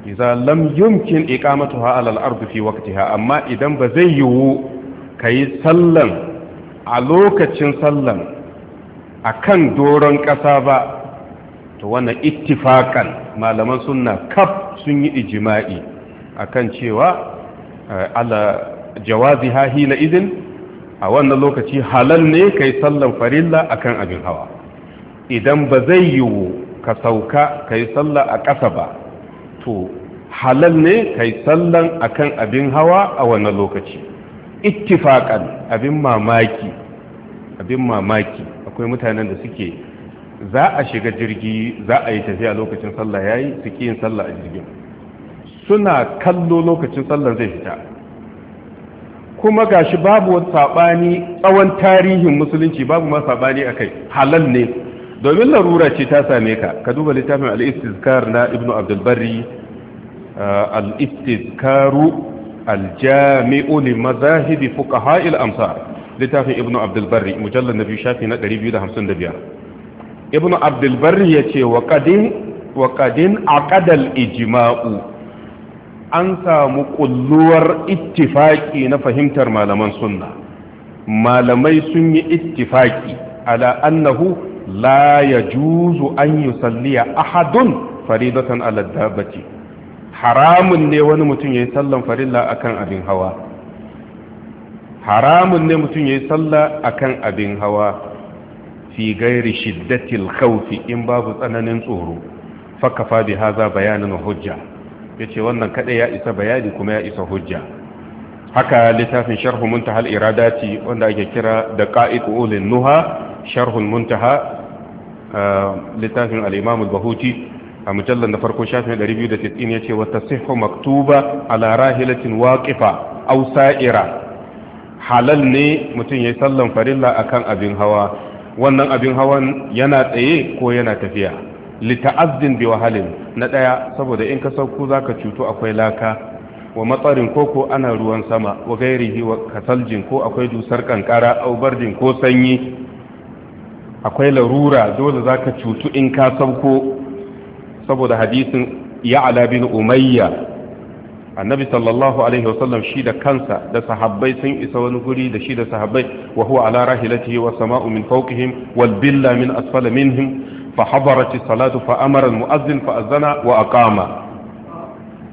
iza lam yumkin iqamatu ha alal ardi fi waqtiha amma idan ba zai yiwu kai sallan a lokacin sallan a kan doron ƙasa ba to wannan ittifakan malaman suna kaf sun yi ijima'i kan cewa eh, ala jawazi hahi na izin a wannan lokaci halal ne kai sallan farilla a kan abin hawa idan ba zai yiwu ka sauka kai sallah a ƙasa ba to halal ne kai sallan a kan abin hawa a wannan lokaci ittifakan abin mamaki abin mamaki akwai mutanen da suke za a shiga jirgi za a yi tafiya lokacin sallah yayi suke yin sallah a jirgin suna kallo lokacin sallah zai fita kuma gashi babu wani sabani tsawon tarihin musulunci babu ma a kai halal ne domin larura ce ta same ka ka duba littafin al'istiskar na ibnu abdul uh, al'istiskaru aljami'uli mazahidi al-jami'u amsar littafin ibnu abdulbarri mujallar na biyu shafi na 255 ibnu abdulbarri ya ce wa kadin aqadal ijma'u an samu ƙulluwar ittifaki na fahimtar malaman sunna malamai sun yi ittifaki ala annahu la juzu an yusalliya ahadun faridatan ala haramun ne wani mutum ya yi sallan farilla akan abin hawa haramun ne mutum ya yi sallah akan abin hawa fi gairi shiddatil khawfi in babu tsananin tsoro fakafa bi haza bayanin hujja yace wannan kada ya isa bayani kuma ya isa hujja haka littafin sharhu muntaha al-iradati wanda ake kira da qa'iq ulun nuha sharhu muntaha littafin al-imam al-bahuti a mujallar da farko shafin 290 yace wa tasihhu maktuba ala rahilatin waqifa aw sa'ira halal ne mutum ya yi sallan farilla kan abin hawa wannan abin hawan yana tsaye ko yana tafiya lita'azzin bi wahalin na ɗaya saboda in ka sauko zaka cuto akwai laka wa matsarin koko ana ruwan sama wa gairihi wa kasaljin ko akwai dusar kankara au bardin ko sanyi akwai larura dole zaka cutu in ka sauko saboda hadisin ya bin umayya annabi sallallahu alaihi wasallam shi da kansa da sahabbai sun isa wani guri da shi da sahabbai wa huwa ala rahilatihi wa sama'u min fawqihim wal billa min asfala minhum fa habarat as-salatu fa amara al-mu'azzin fa azana wa aqama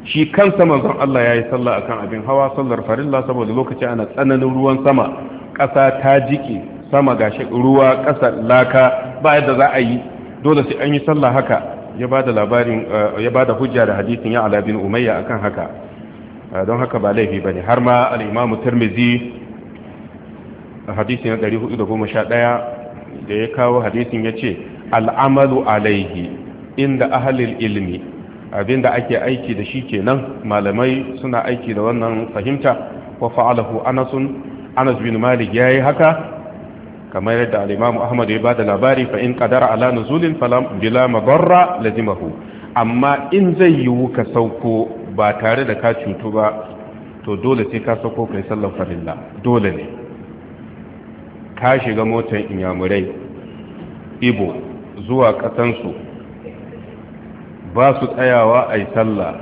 shi kansa manzon Allah yayi sallah akan abin hawa sallar farilla saboda lokaci ana tsananin ruwan sama ƙasa ta jike sama gashi ruwa ƙasa laka ba yadda za a yi dole sai an yi sallah haka ya da labarin eh, ya da hujja da hadisin ya ala bin umayya akan haka Ah, don haka ba laifi ba ne har ma al'imamu tirmizi a hadisi na 411 da ya kawo hadisin ya ce al'amalu alaihi inda ahalil ilmi abinda ake aiki da shi kenan malamai suna aiki da wannan fahimta wa fa'alahu anasun anas bin malik yi haka kamar yadda al ahmad ya da labari fa in qadara ala nuzulin fala bila madarra lazimahu amma in zai yiwu ka sauko ba tare da ka cutu ba to dole sai ka sako kai sallar farilla dole ne ka shiga motar inyamurai ibo zuwa katansu ba su tsayawa a yi sallah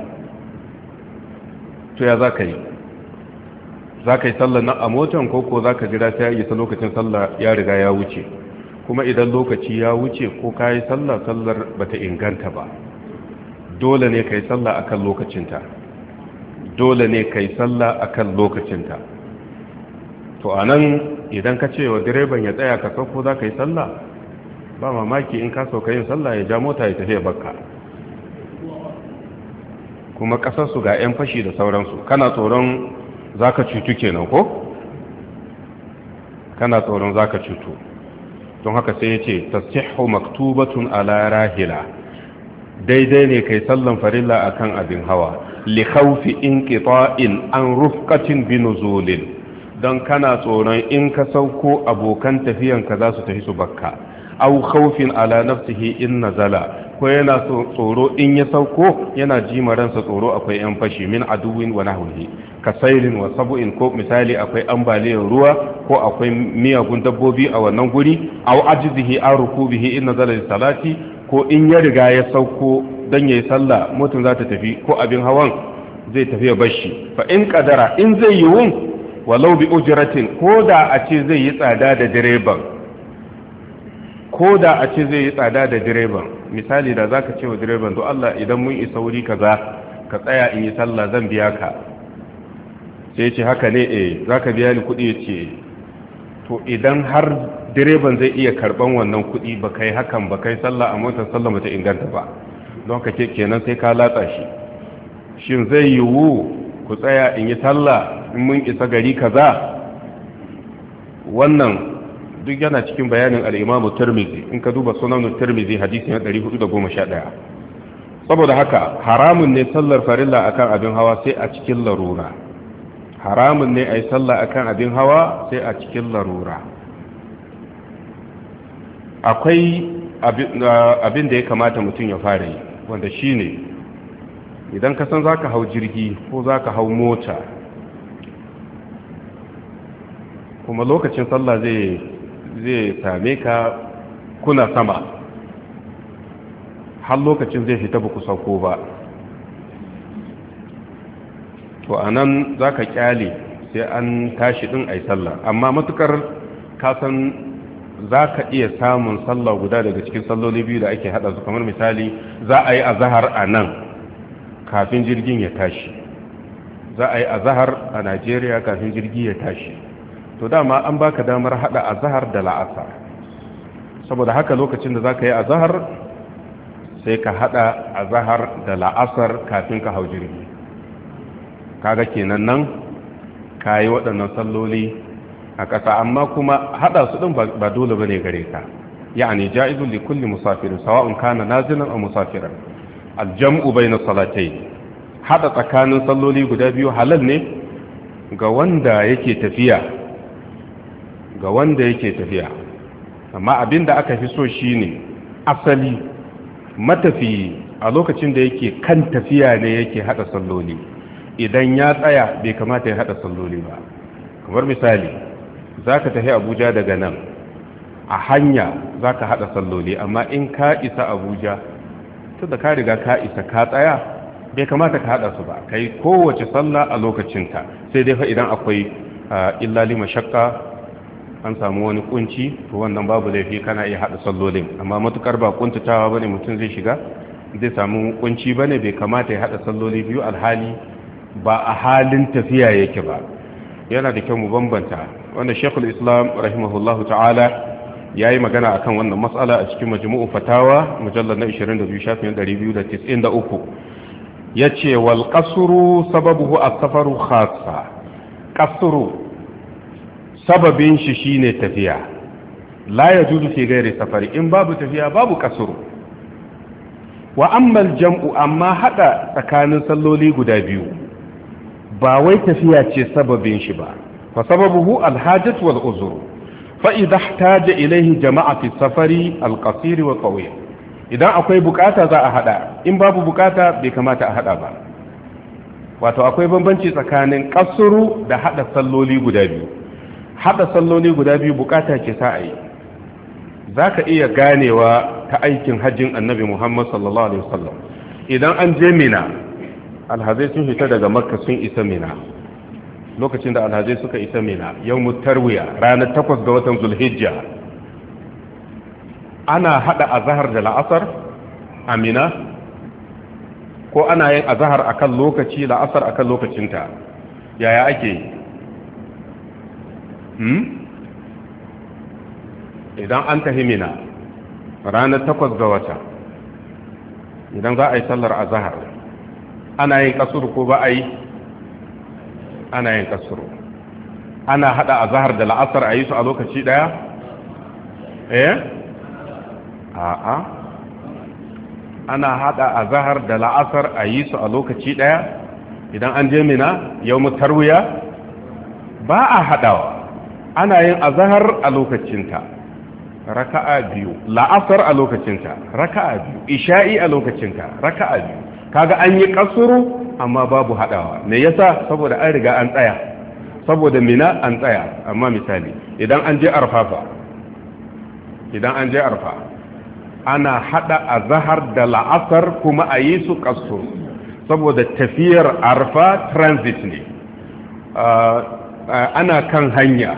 to ya za ka yi za ka yi sallah na a motar koko za ka jira sai yi ta lokacin sallah ya riga ya wuce kuma idan lokaci ya wuce ko ka yi sallah sallar ba ta inganta ba dole ne ka tsalla sallah kan lokacinta dole ne ka tsalla sallah kan lokacinta to a nan idan ka ce wa direban ya tsaya ka sauko za ka yi sallah ba mamaki in ka sauka yin sallah ya ja mota ya tafiya baka. kuma kasarsu ga 'yan fashi da sauransu kana tsoron za ka cutu kenan ko? kana tsoron za ka cutu don haka sai ya ce tasihhu maktubatun ala rahila daidai ne kai sallan farilla akan abin hawa li khawfi inqita'in an rufqatin bi nuzulin don kana tsoron in ka sauko abokan tafiyanka za su tafi su bakka au khawfin ala nafsihi in nazala ko yana tsoro in ya sauko yana ji sa tsoro akwai yan fashi min aduwin wa nahwihi ka wa sabu'in ko misali akwai ambaliyar ruwa ko akwai miyagun dabbobi a wannan guri au ajzihi an bihi in nazala salati ko in ya riga ya sauko don ya yi sallah mutum za ta tafi ko abin hawan zai tafi ya bashi fa in kadara in zai yi wun walau bi ujratin ko da a ce zai yi tsada da direban ko da a ce zai yi tsada da direban misali da zaka ce wa direban to Allah idan mun isa wuri kaza ka tsaya in yi sallah zan biya ka sai ce haka ne eh zaka biya ni kuɗi ce to idan har direban zai iya karban wannan kuɗi ba kai hakan ba kai sallah a motar sallah mace inganta ba don ka ke kenan sai ka latsa shi shin zai yiwu ku tsaya in yi talla in mun isa gari kaza wannan duk yana cikin bayanin al'imamu turmizi in ka duba sunan turmizi hadisi na 411 saboda haka haramun ne sallar farilla akan abin hawa sai a cikin larura haramun ne a yi sallah akan abin hawa sai a cikin larura akwai ah, abin da ya kamata mutum ya fara yi wanda shi ne idan ka san za ka hau jirgi ko za ka hau mota kuma lokacin sallah zai same ka kuna sama har lokacin zai fita buku sauko ba to a nan za ka kyale sai an tashi ɗin a yi sallah amma matukar kasan za ka iya samun sallah guda daga cikin salloli biyu da ake hada su kamar misali za a yi azahar a nan kafin jirgin ya tashi za a yi azahar a najeriya kafin jirgi ya tashi to dama an baka damar hada azahar da la'asar saboda haka lokacin da za ka yi azahar sai ka hada azahar da la'asar kafin ka hau jirgi kaga kenan nan ka yi waɗannan salloli a ƙasa amma kuma haɗa su ɗin ba dole ba ne gare ka yani ja'izun li kulli musafirin sawa'un kana nazilan aw musafiran aljam'u bayna salatayn haɗa tsakanin salloli guda biyu halal ne ga wanda yake tafiya ga wanda yake tafiya amma abin da aka fi so shine asali matafi a lokacin da yake kan tafiya ne yake haɗa salloli idan ya tsaya bai kamata ya haɗa salloli ba kamar misali za ka tafi abuja daga nan a hanya za ka haɗa salloli amma in ka isa abuja tun da ka riga ka isa ka tsaya bai kamata ka haɗa su ba ka yi kowace sallah a lokacinta sai dai fa idan akwai illali mashakka an samu wani kunci to wannan babu laifi kana iya haɗa sallolin amma matukar ba kuntatawa bane mutum zai shiga zai samu kunci bane bai kamata ya haɗa salloli biyu alhali ba a halin tafiya yake ba yana da kyau mu bambanta wanda shekul islam rahimahullahu ta'ala ya yi magana a kan wannan matsala a cikin majmu'u fatawa mujallar na 22 shafin 293 ya ce wal kasuru sababu a safaru khasa kasuru sababin shi shine tafiya la ya fi gairi safari in babu tafiya babu kasuru wa'ammal jam'u amma haɗa tsakanin salloli guda biyu ba wai tafiya ce sababin shi ba fa sababuhu alhajat wal uzur fa idha ihtaja ilayhi jama'a fi safari alqasir wa qawi idan akwai bukata za a hada in babu bukata bai kamata a hada ba wato akwai bambanci tsakanin kasuru da hada salloli guda biyu hada salloli guda biyu bukata ce sa ayi zaka iya ganewa ta aikin hajjin annabi Muhammad sallallahu alaihi wasallam idan an je mina alhazai sun fita daga makka sun isa mina lokacin da alhazai suka isa mina yau mutarwiya ranar takwas ga watan zulhijja ana hada azahar da la'asar a mina ko ana yin azahar kan lokaci la'asar a kan lokacinta yaya ake yi hmm? idan an tafi mina ranar takwas ga wata idan za a yi sallar azahar ana yin kasuru ko ba a yi ana yin kasuru ana hada a zahar da la'asar a yi su a lokaci daya eh a'a ana hada a zahar da la'asar a yi su a lokaci daya idan an je mina yau tarwiya ba a hadawa ana yin a zahar a lokacinta raka'a biyu la'asar a lokacinta raka'a biyu isha'i a lokacinta raka'a biyu kaga an yi kasuru amma babu hadawa me yasa saboda an riga an tsaya saboda mina an tsaya amma misali idan an je arfafa idan an je arfa ana hada azhar da la'asar kuma a yi su kasuru saboda tafiyar arfa transit ne ah, ah, ana kan hanya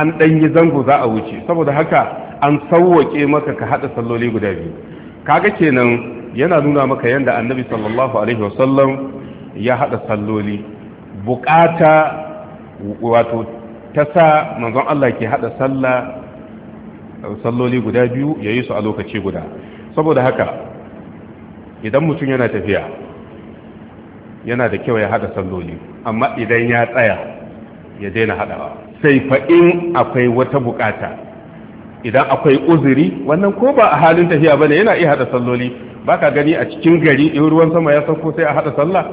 an yi zango za a wuce saboda haka an sauwaƙe maka ka haɗa salloli guda biyu kaga kenan yana nuna maka yadda annabi sallallahu alaihi wasallam ya haɗa salloli bukata wato ta sa manzon Allah ke haɗa sallah salloli guda biyu ya yi su a lokaci guda saboda haka idan mutum yana tafiya yana da kyau ya haɗa salloli amma idan ya tsaya ya daina hadawa sai fa'in akwai wata bukata idan akwai uzuri wannan ko ba a halin tafiya bane yana iya haɗa salloli ba ka gani a cikin gari in ruwan sama ya sauko sai a haɗa sallah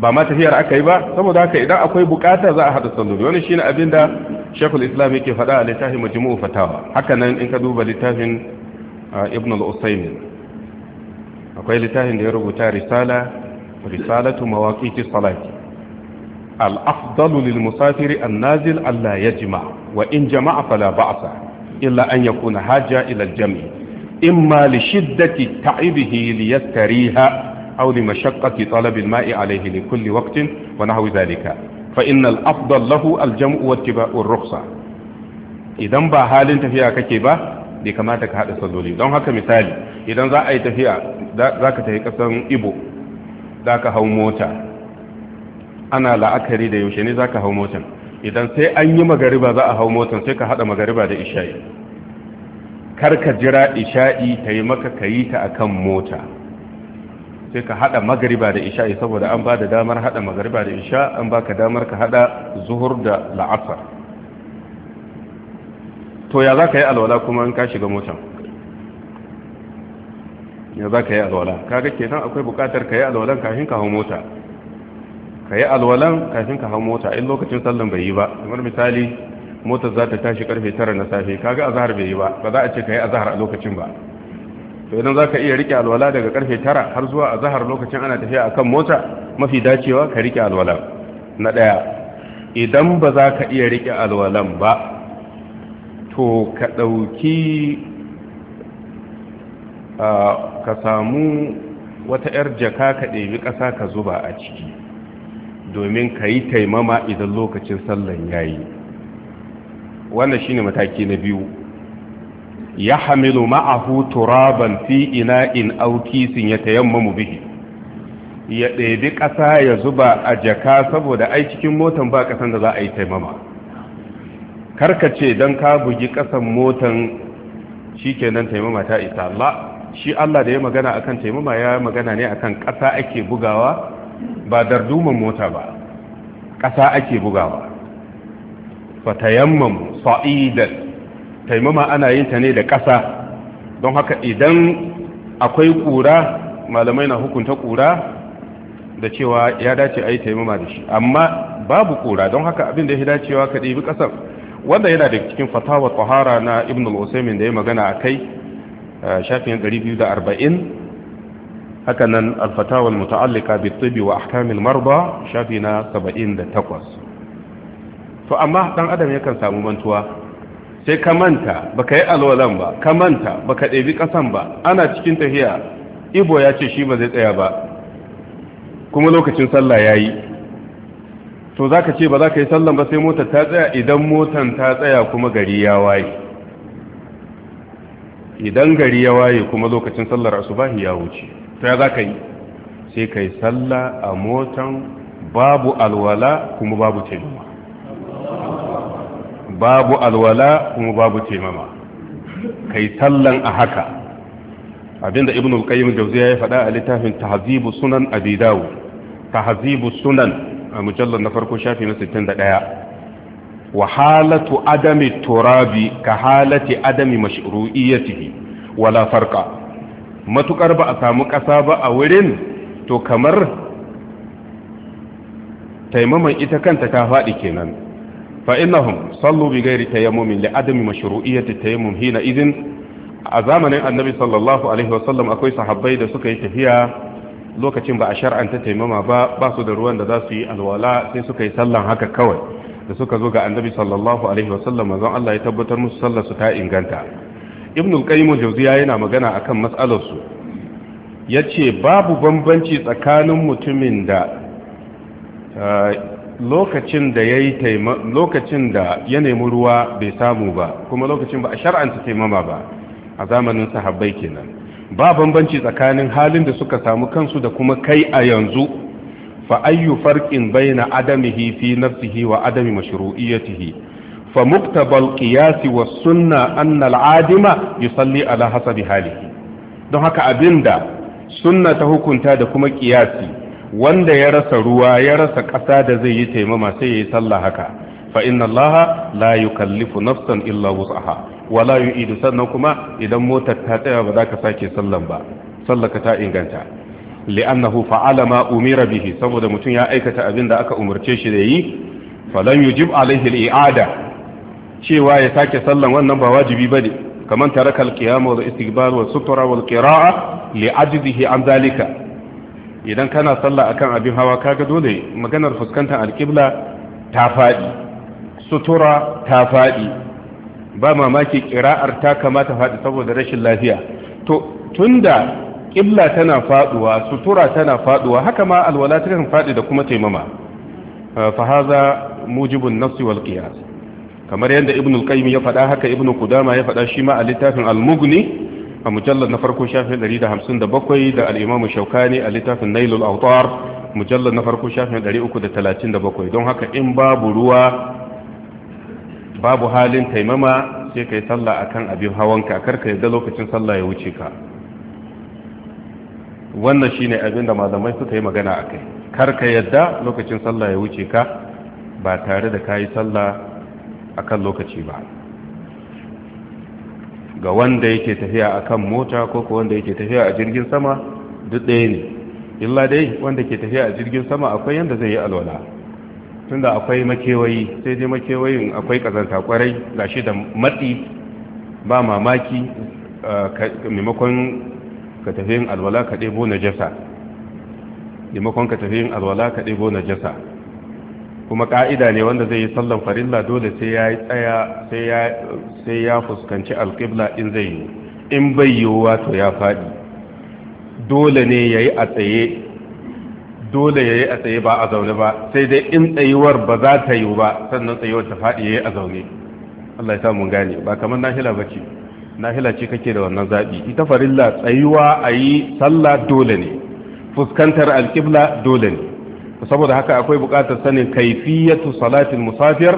ba ma tafiyar aka yi ba saboda haka idan akwai bukata za a haɗa salloli wani shine abin da shekul islam yake faɗa a littafin majmu'u fatawa haka nan in ka duba littafin ah, ibn al-usaymin akwai littafin da ya rubuta risala risalatu mawaqiti salati al-afdalu lil musafiri an-nazil alla yajma wa in jama'a fala ba'sa illa an yakuna haja ila al-jami' Immali li shiddati ta'ibihi li yastariha aw li mashaqqati talab al-ma'i alayhi li kulli waqtin wa nahwi dhalika fa inna al-afdal lahu al-jam'u wa ittiba'u idan ba halin tafiya kake ba bai kamata ka hada salloli don haka misali idan za a yi tafiya za ka tafi kasan ibo za ka hau mota ana la'akari da yaushe ne za ka hau motan idan sai an yi magariba za a hau motan sai ka haɗa magariba da isha'i karka jira isha'i ta yi maka ka yi ta a kan mota sai ka hada magariba da isha'i saboda an ba da damar hada magariba da isha an ba ka damar ka hada zuhur da la'asar to ya za ka yi alwala kuma an ka shiga motan ya za ka yi alwala kaga nan akwai bukatar ka yi alwalan kafin ka hau mota ka yi alwalan kafin ka hau mota in lokacin sallan bai yi ba kamar misali motar za ta tashi karfe tara na safe kaga azhar bai yi ba ba za a ce ka yi azhar a lokacin ba to idan za ka iya rike alwala daga karfe tara har zuwa azahar lokacin ana tafiya akan mota mafi dacewa ka rike alwala na ɗaya. idan ba za ka iya rike alwalan ba to ka ɗauki ka samu wata 'yar jaka ka ɗebi ƙasa ka zuba a ciki domin ka yi taimama idan lokacin sallan ya yi wannan shine mataki na biyu ya hamilu ma'ahu turaban fi auki aukisin ya tayammamu bihi ya ɗebi ƙasa ya zuba a jaka saboda ai cikin motan ba ƙasan da za a yi taimama karkace don ka bugi ƙasan motan shi kenan taimama ta isa Allah shi Allah da ya magana akan taimama ya magana ne akan ƙasa ake bugawa ba darduman mota ba ƙasa ake bugawa fatayammamu sa'idan taimama ana yin ta ne da ƙasa don haka idan akwai ƙura malamai na hukunta ƙura da cewa ya dace a yi taimama da shi amma babu ƙura don haka abin da ya dacewa ka ɗibi ƙasar wanda yana da cikin fatawa tsohara na ibn al-usaimin da ya magana a kai eh, shafin 240 haka nan alfatawar muta'allika bi tibi wa ahkamil marba shafi na 78 to amma dan adam yakan samu mantuwa sai ka manta baka yi alwalan ba ka manta baka ɗebi ƙasan ba ana cikin tafiya ibo ya ce shi ba zai tsaya ba kuma lokacin sallah ya yi to za ka ce ba za ka yi sallan ba sai motar ta tsaya idan motar ta tsaya kuma gari ya waye idan gari ya waye kuma lokacin sallar asubahi ya wuce to ya za ka yi sai ka yi sallah a motan babu alwala kuma babu taimama babu alwala kuma babu taimama kai tallan a haka abinda ibn al-qayyim jawziya ya faɗa a littafin tahzibu sunan abi dawud tahzibu sunan a mujallar na farko shafi na 61 wa halatu adami turabi ka halati adami mashru'iyyatihi wala farqa matukar ba a samu ƙasa ba a wurin to kamar taimaman ita kanta ta faɗi kenan fa innahum sallu bi ghairi tayammum li adami mashru'iyyati tayammum hina a zamanin annabi sallallahu alaihi wasallam akwai sahabai da suka yi tafiya lokacin ba a shar'anta taimama ba ba su da ruwan da za su yi alwala sai suka yi sallan haka kawai da suka zo ga annabi sallallahu alaihi wasallam manzon Allah ya tabbatar musu sallar su ta inganta ibn al-qayyim jawziya yana magana akan mas'alar su ce babu bambanci tsakanin mutumin da eh, lokacin da ya yi lokacin da ya nemi ruwa bai samu ba kuma lokacin ba a shar'anta taimama ba a zamanin sahabbai kenan ba bambanci tsakanin halin da suka samu kansu da kuma kai a yanzu fa ayyu farqin baina adamihi fi nafsihi wa adami mashru'iyyatihi fa muktabal qiyas wa sunna anna al-adima yusalli ala hasabi halihi don haka abinda sunna ta hukunta da kuma qiyasi wanda ya rasa ruwa ya rasa ƙasa da zai yi taimama sai ya yi sallah haka fa inna Allah la yukallifu nafsan illa wus'aha wa la yu'idu sannan kuma idan motar ta tsaya ba za ka sake sallan ba sallaka ta inganta li'annahu fa'ala ma umira bihi saboda mutum ya aikata abin da aka umarce shi da yi falan yujib alaihi al'ada cewa ya sake sallan wannan ba wajibi bane kaman taraka al-qiyam wa istighbar wa sutura wa qira'a li an zalika idan kana sallah akan abin hawa kaga dole maganar fuskantar alƙibla ta faɗi sutura ta faɗi ba mamaki ƙira'ar ta kamata faɗi saboda rashin lafiya to tunda ƙibla tana faɗuwa sutura tana faɗuwa haka ma alwala faɗi da kuma taimama Fahaza mujibun nafsi wal qiyas kamar yadda ibnul al-qayyim ya faɗa haka ibnu kudama ya faɗa shi ma a littafin al-mughni a mujallar na farko shafin 157 da al'imamu shaukani a littafin nailul autar mujallar na farko shafi 337 don haka in babu ruwa babu halin taimama sai ka yi sallah a kan abin hawanka karka yadda lokacin sallah ya wuce ka wannan shine abin da malamai suka yi magana a kai karka yadda lokacin sallah ya wuce ka ba tare da ka yi sallah a kan lokaci ba ga wanda yake tafiya a kan mota ko ko wanda yake tafiya a jirgin sama duk ɗaya ne illa dai wanda ke tafiya a jirgin sama akwai yanda zai yi alwala tunda akwai makewayi sai dai makewayin akwai kazanta kwarai gashi da matsi ba mamaki maimakon ka tafi yin alwala ka ɗebo na jasa maimakon ka tafi yin alwala ka ɗebo na jasa kuma ka'ida ne wanda zai yi sallan farilla dole sai ya tsaya sai ya fuskanci alƙibla in zai yi in bai yiwuwa to ya faɗi dole ne ya yi a tsaye dole ya yi a tsaye ba a zaune ba sai dai in tsayuwar ba za ta yiwu ba sannan tsayuwar ta faɗi ya yi a zaune Allah ya samun gane ba kamar nahila ba ce nahila ce kake da wannan zaɓi ita farilla tsayuwa a yi sallah dole ne fuskantar alƙibla dole ne saboda haka akwai buƙatar sanin kaifiyatu salatin musafir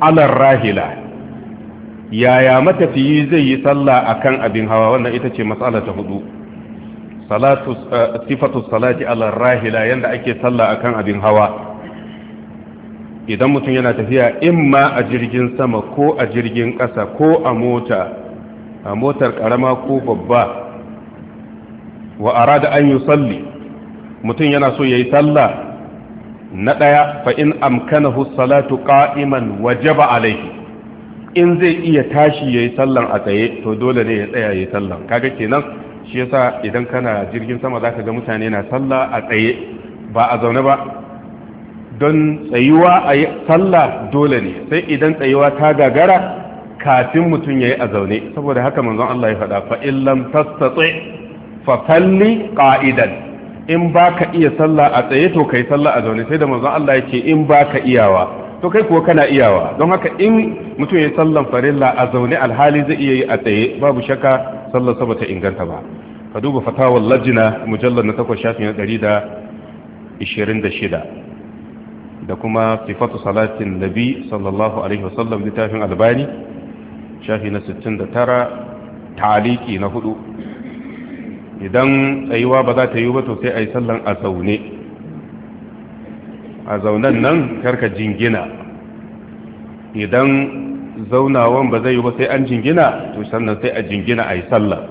alar rahila yaya matafiyi zai yi sallah akan abin hawa wannan ita ce matsala ta hudu salatu eh, sifatu salati alar rahila yanda ake sallah akan abin hawa idan mutum yana tafiya imma a jirgin sama ko a jirgin ƙasa ko a mota a motar ƙarama ko babba wa arada an yi salli mutum yana so ya yi sallah na ɗaya fa in amkanahu salatu qa'iman wajaba alaihi in zai iya tashi yayi sallan a tsaye to dole ne ya tsaya yayi sallan kaga kenan shi yasa idan kana jirgin sama zaka ga mutane na sallah a tsaye ba a zaune ba don tsayuwa a sallah dole ne sai idan tsayuwa ta gagara kafin mutum yayi a zaune saboda haka manzon Allah ya faɗa fa in lam tastati fa falli qa'idan in ba ka iya sallah a tsaye to kai sallah a zaune sai da manzon Allah yake in ba ka iyawa to kai kuwa kana iyawa don haka in mutum ya sallan farilla a zaune alhali zai iya yi a tsaye babu shakka sallar sa bata inganta ba ka duba fatawar lajina mujallar na takwas shafin na ɗari da ishirin da shida da kuma sifatu salatin nabi sallallahu alaihi wasallam littafin albani shafi na sittin da tara taliki na hudu idan tsayuwa ba za ta yi ba to sai a yi sallan a zaune a zaunen nan karka jingina idan zaunawan ba zai yi ba sai an jingina to sannan sai a jingina a yi sallah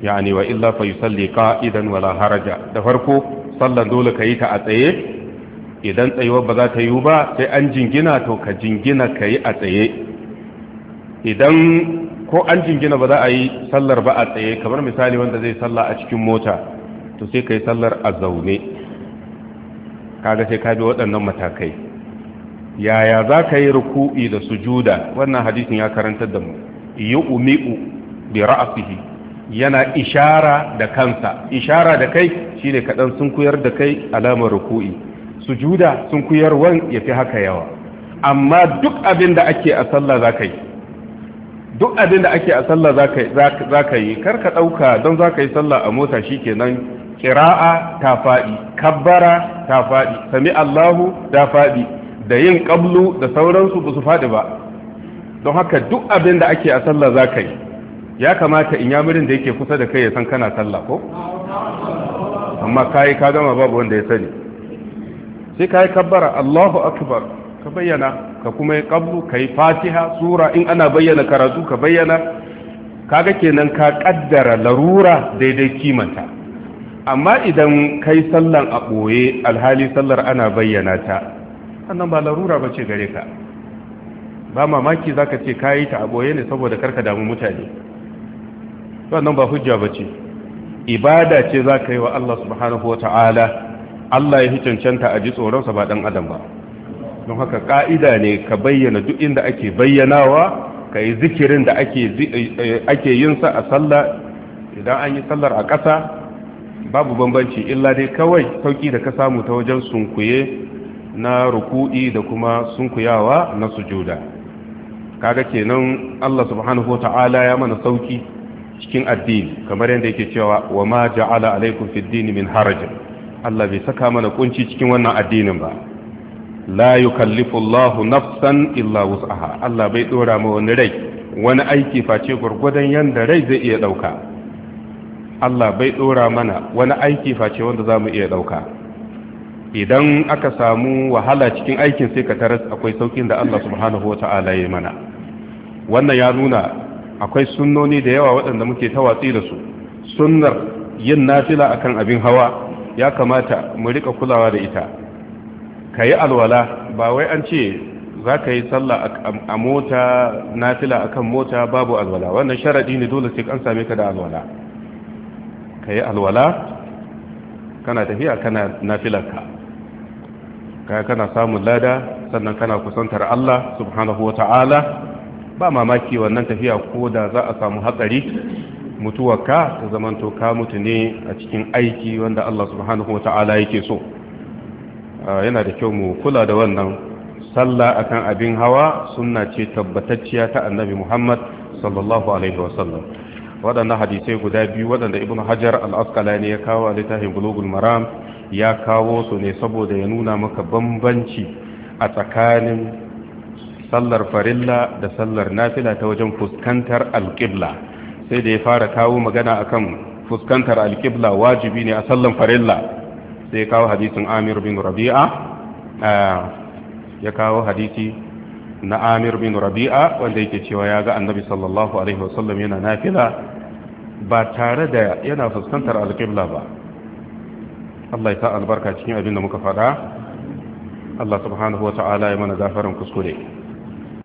yani wa illa fa yusalli qa'idan wala haraja da farko sallan dole ka yi ta a tsaye idan tsayuwa ba za ta yi ba sai an jingina to ka jingina ka yi a tsaye idan ko an jingina ba za a yi sallar ba a tsaye kamar misali wanda zai salla a cikin mota to sai ka yi sallar a zaune kaga sai ka bi waɗannan matakai yaya za ka yi ruku'i da sujuda wannan hadisin ya karantar da mu yi umi'u bi ra'asihi yana ishara da kansa ishara da kai shine kaɗan sun kuyar da kai alamar ruku'i sujuda sun kuyarwan ya fi haka yawa amma duk abin da ake a sallah za ka yi duk abin da ake a sallah za ka yi kar ka ɗauka don za ka yi sallah a mota shi kenan kira'a ta faɗi kabbara ta faɗi sami allahu ta faɗi da yin ƙablu da sauransu ba su faɗi ba don haka duk abin da ake a sallah za ka yi ya kamata in yamurin da yake kusa da kai ya san kana sallah ko amma kayi ka gama babu wanda ya sani sai kayi kabbara allahu akbar ka bayyana ka kuma yi qablu ka yi fatiha sura in ana bayyana karatu ka bayyana kaga kenan ka kaddara larura daidai kimanta amma idan kai sallan a ɓoye alhali sallar ana bayyana ta annan ba larura ba ce gare ka ba mamaki za ka ce ka yi ta a ɓoye ne saboda karka damu mutane wannan ba hujja ba ce ibada ce za ka yi wa Allah subhanahu wa ta'ala Allah ya hi cancanta a ji tsoronsa ba ɗan adam ba don haka ƙa'ida ne ka bayyana duk inda ake bayyanawa ka yi zikirin da ake eh, eh, yinsa a sallah idan an yi sallar a ƙasa babu bambanci illa dai kawai sauƙi da ka samu ta wajen sunkuye na ruku'i da kuma sunkuyawa na sujuda kaga kenan Allah subhanahu wata'ala ya mana sauki cikin addini kamar yadda yake cewa wa ma ja'ala alaikum fid din min haraj Allah bai saka mana kunci cikin wannan addinin ba la يكلف Allahu nafsan illa وسعها Allah bai dora ma wani rai wani aiki face gurgudan yanda rai zai iya dauka Allah bai dora mana wani aiki face wanda zamu iya dauka idan aka samu wahala cikin aikin sai ka taras akwai saukin da Allah subhanahu wata'ala ya mana wannan ya nuna akwai sunnoni da yawa waɗanda muke ta watsi da su sunnar yin nafila akan abin hawa ya kamata mu rika kulawa da ita ka yi alwala ba wai an ce za ka yi sallah a mota nafila kan mota babu alwala wannan sharaɗi ne dole sai an same ka da alwala ka yi alwala kana tafiya kana ka. yi kana samun lada sannan kana kusantar Allah subhanahu wa ta'ala ba mamaki wannan tafiya ko da za a samu hatsari mutuwarka ta zamanto ka mutu ne a cikin aiki wanda Allah subhanahu wa ta'ala yake so Ah, yana da kyau mu kula da wannan sallah akan abin hawa sunna ce tabbatacciya ta annabi muhammad sallallahu alaihi wasallam waɗannan hadisai guda biyu waɗanda ibn hajar al'askalani ya kawo a littafin maram ya kawo su ne saboda ya nuna maka bambanci a tsakanin sallar farilla da sallar nafila ta wajen fuskantar alƙibla sai da ya fara kawo magana akan fuskantar alƙibla wajibi ne a sallan farilla sai kawo hadisin amir bin rabi'a ya kawo hadisi na amir bin rabi'a wanda yake cewa ya ga annabi sallallahu alaihi wasallam yana nafila ba tare da yana fuskantar alƙibla ba Allah ya sa albarka cikin abin da muka faɗa Allah subhanahu wa ta'ala ya mana gafarin kuskure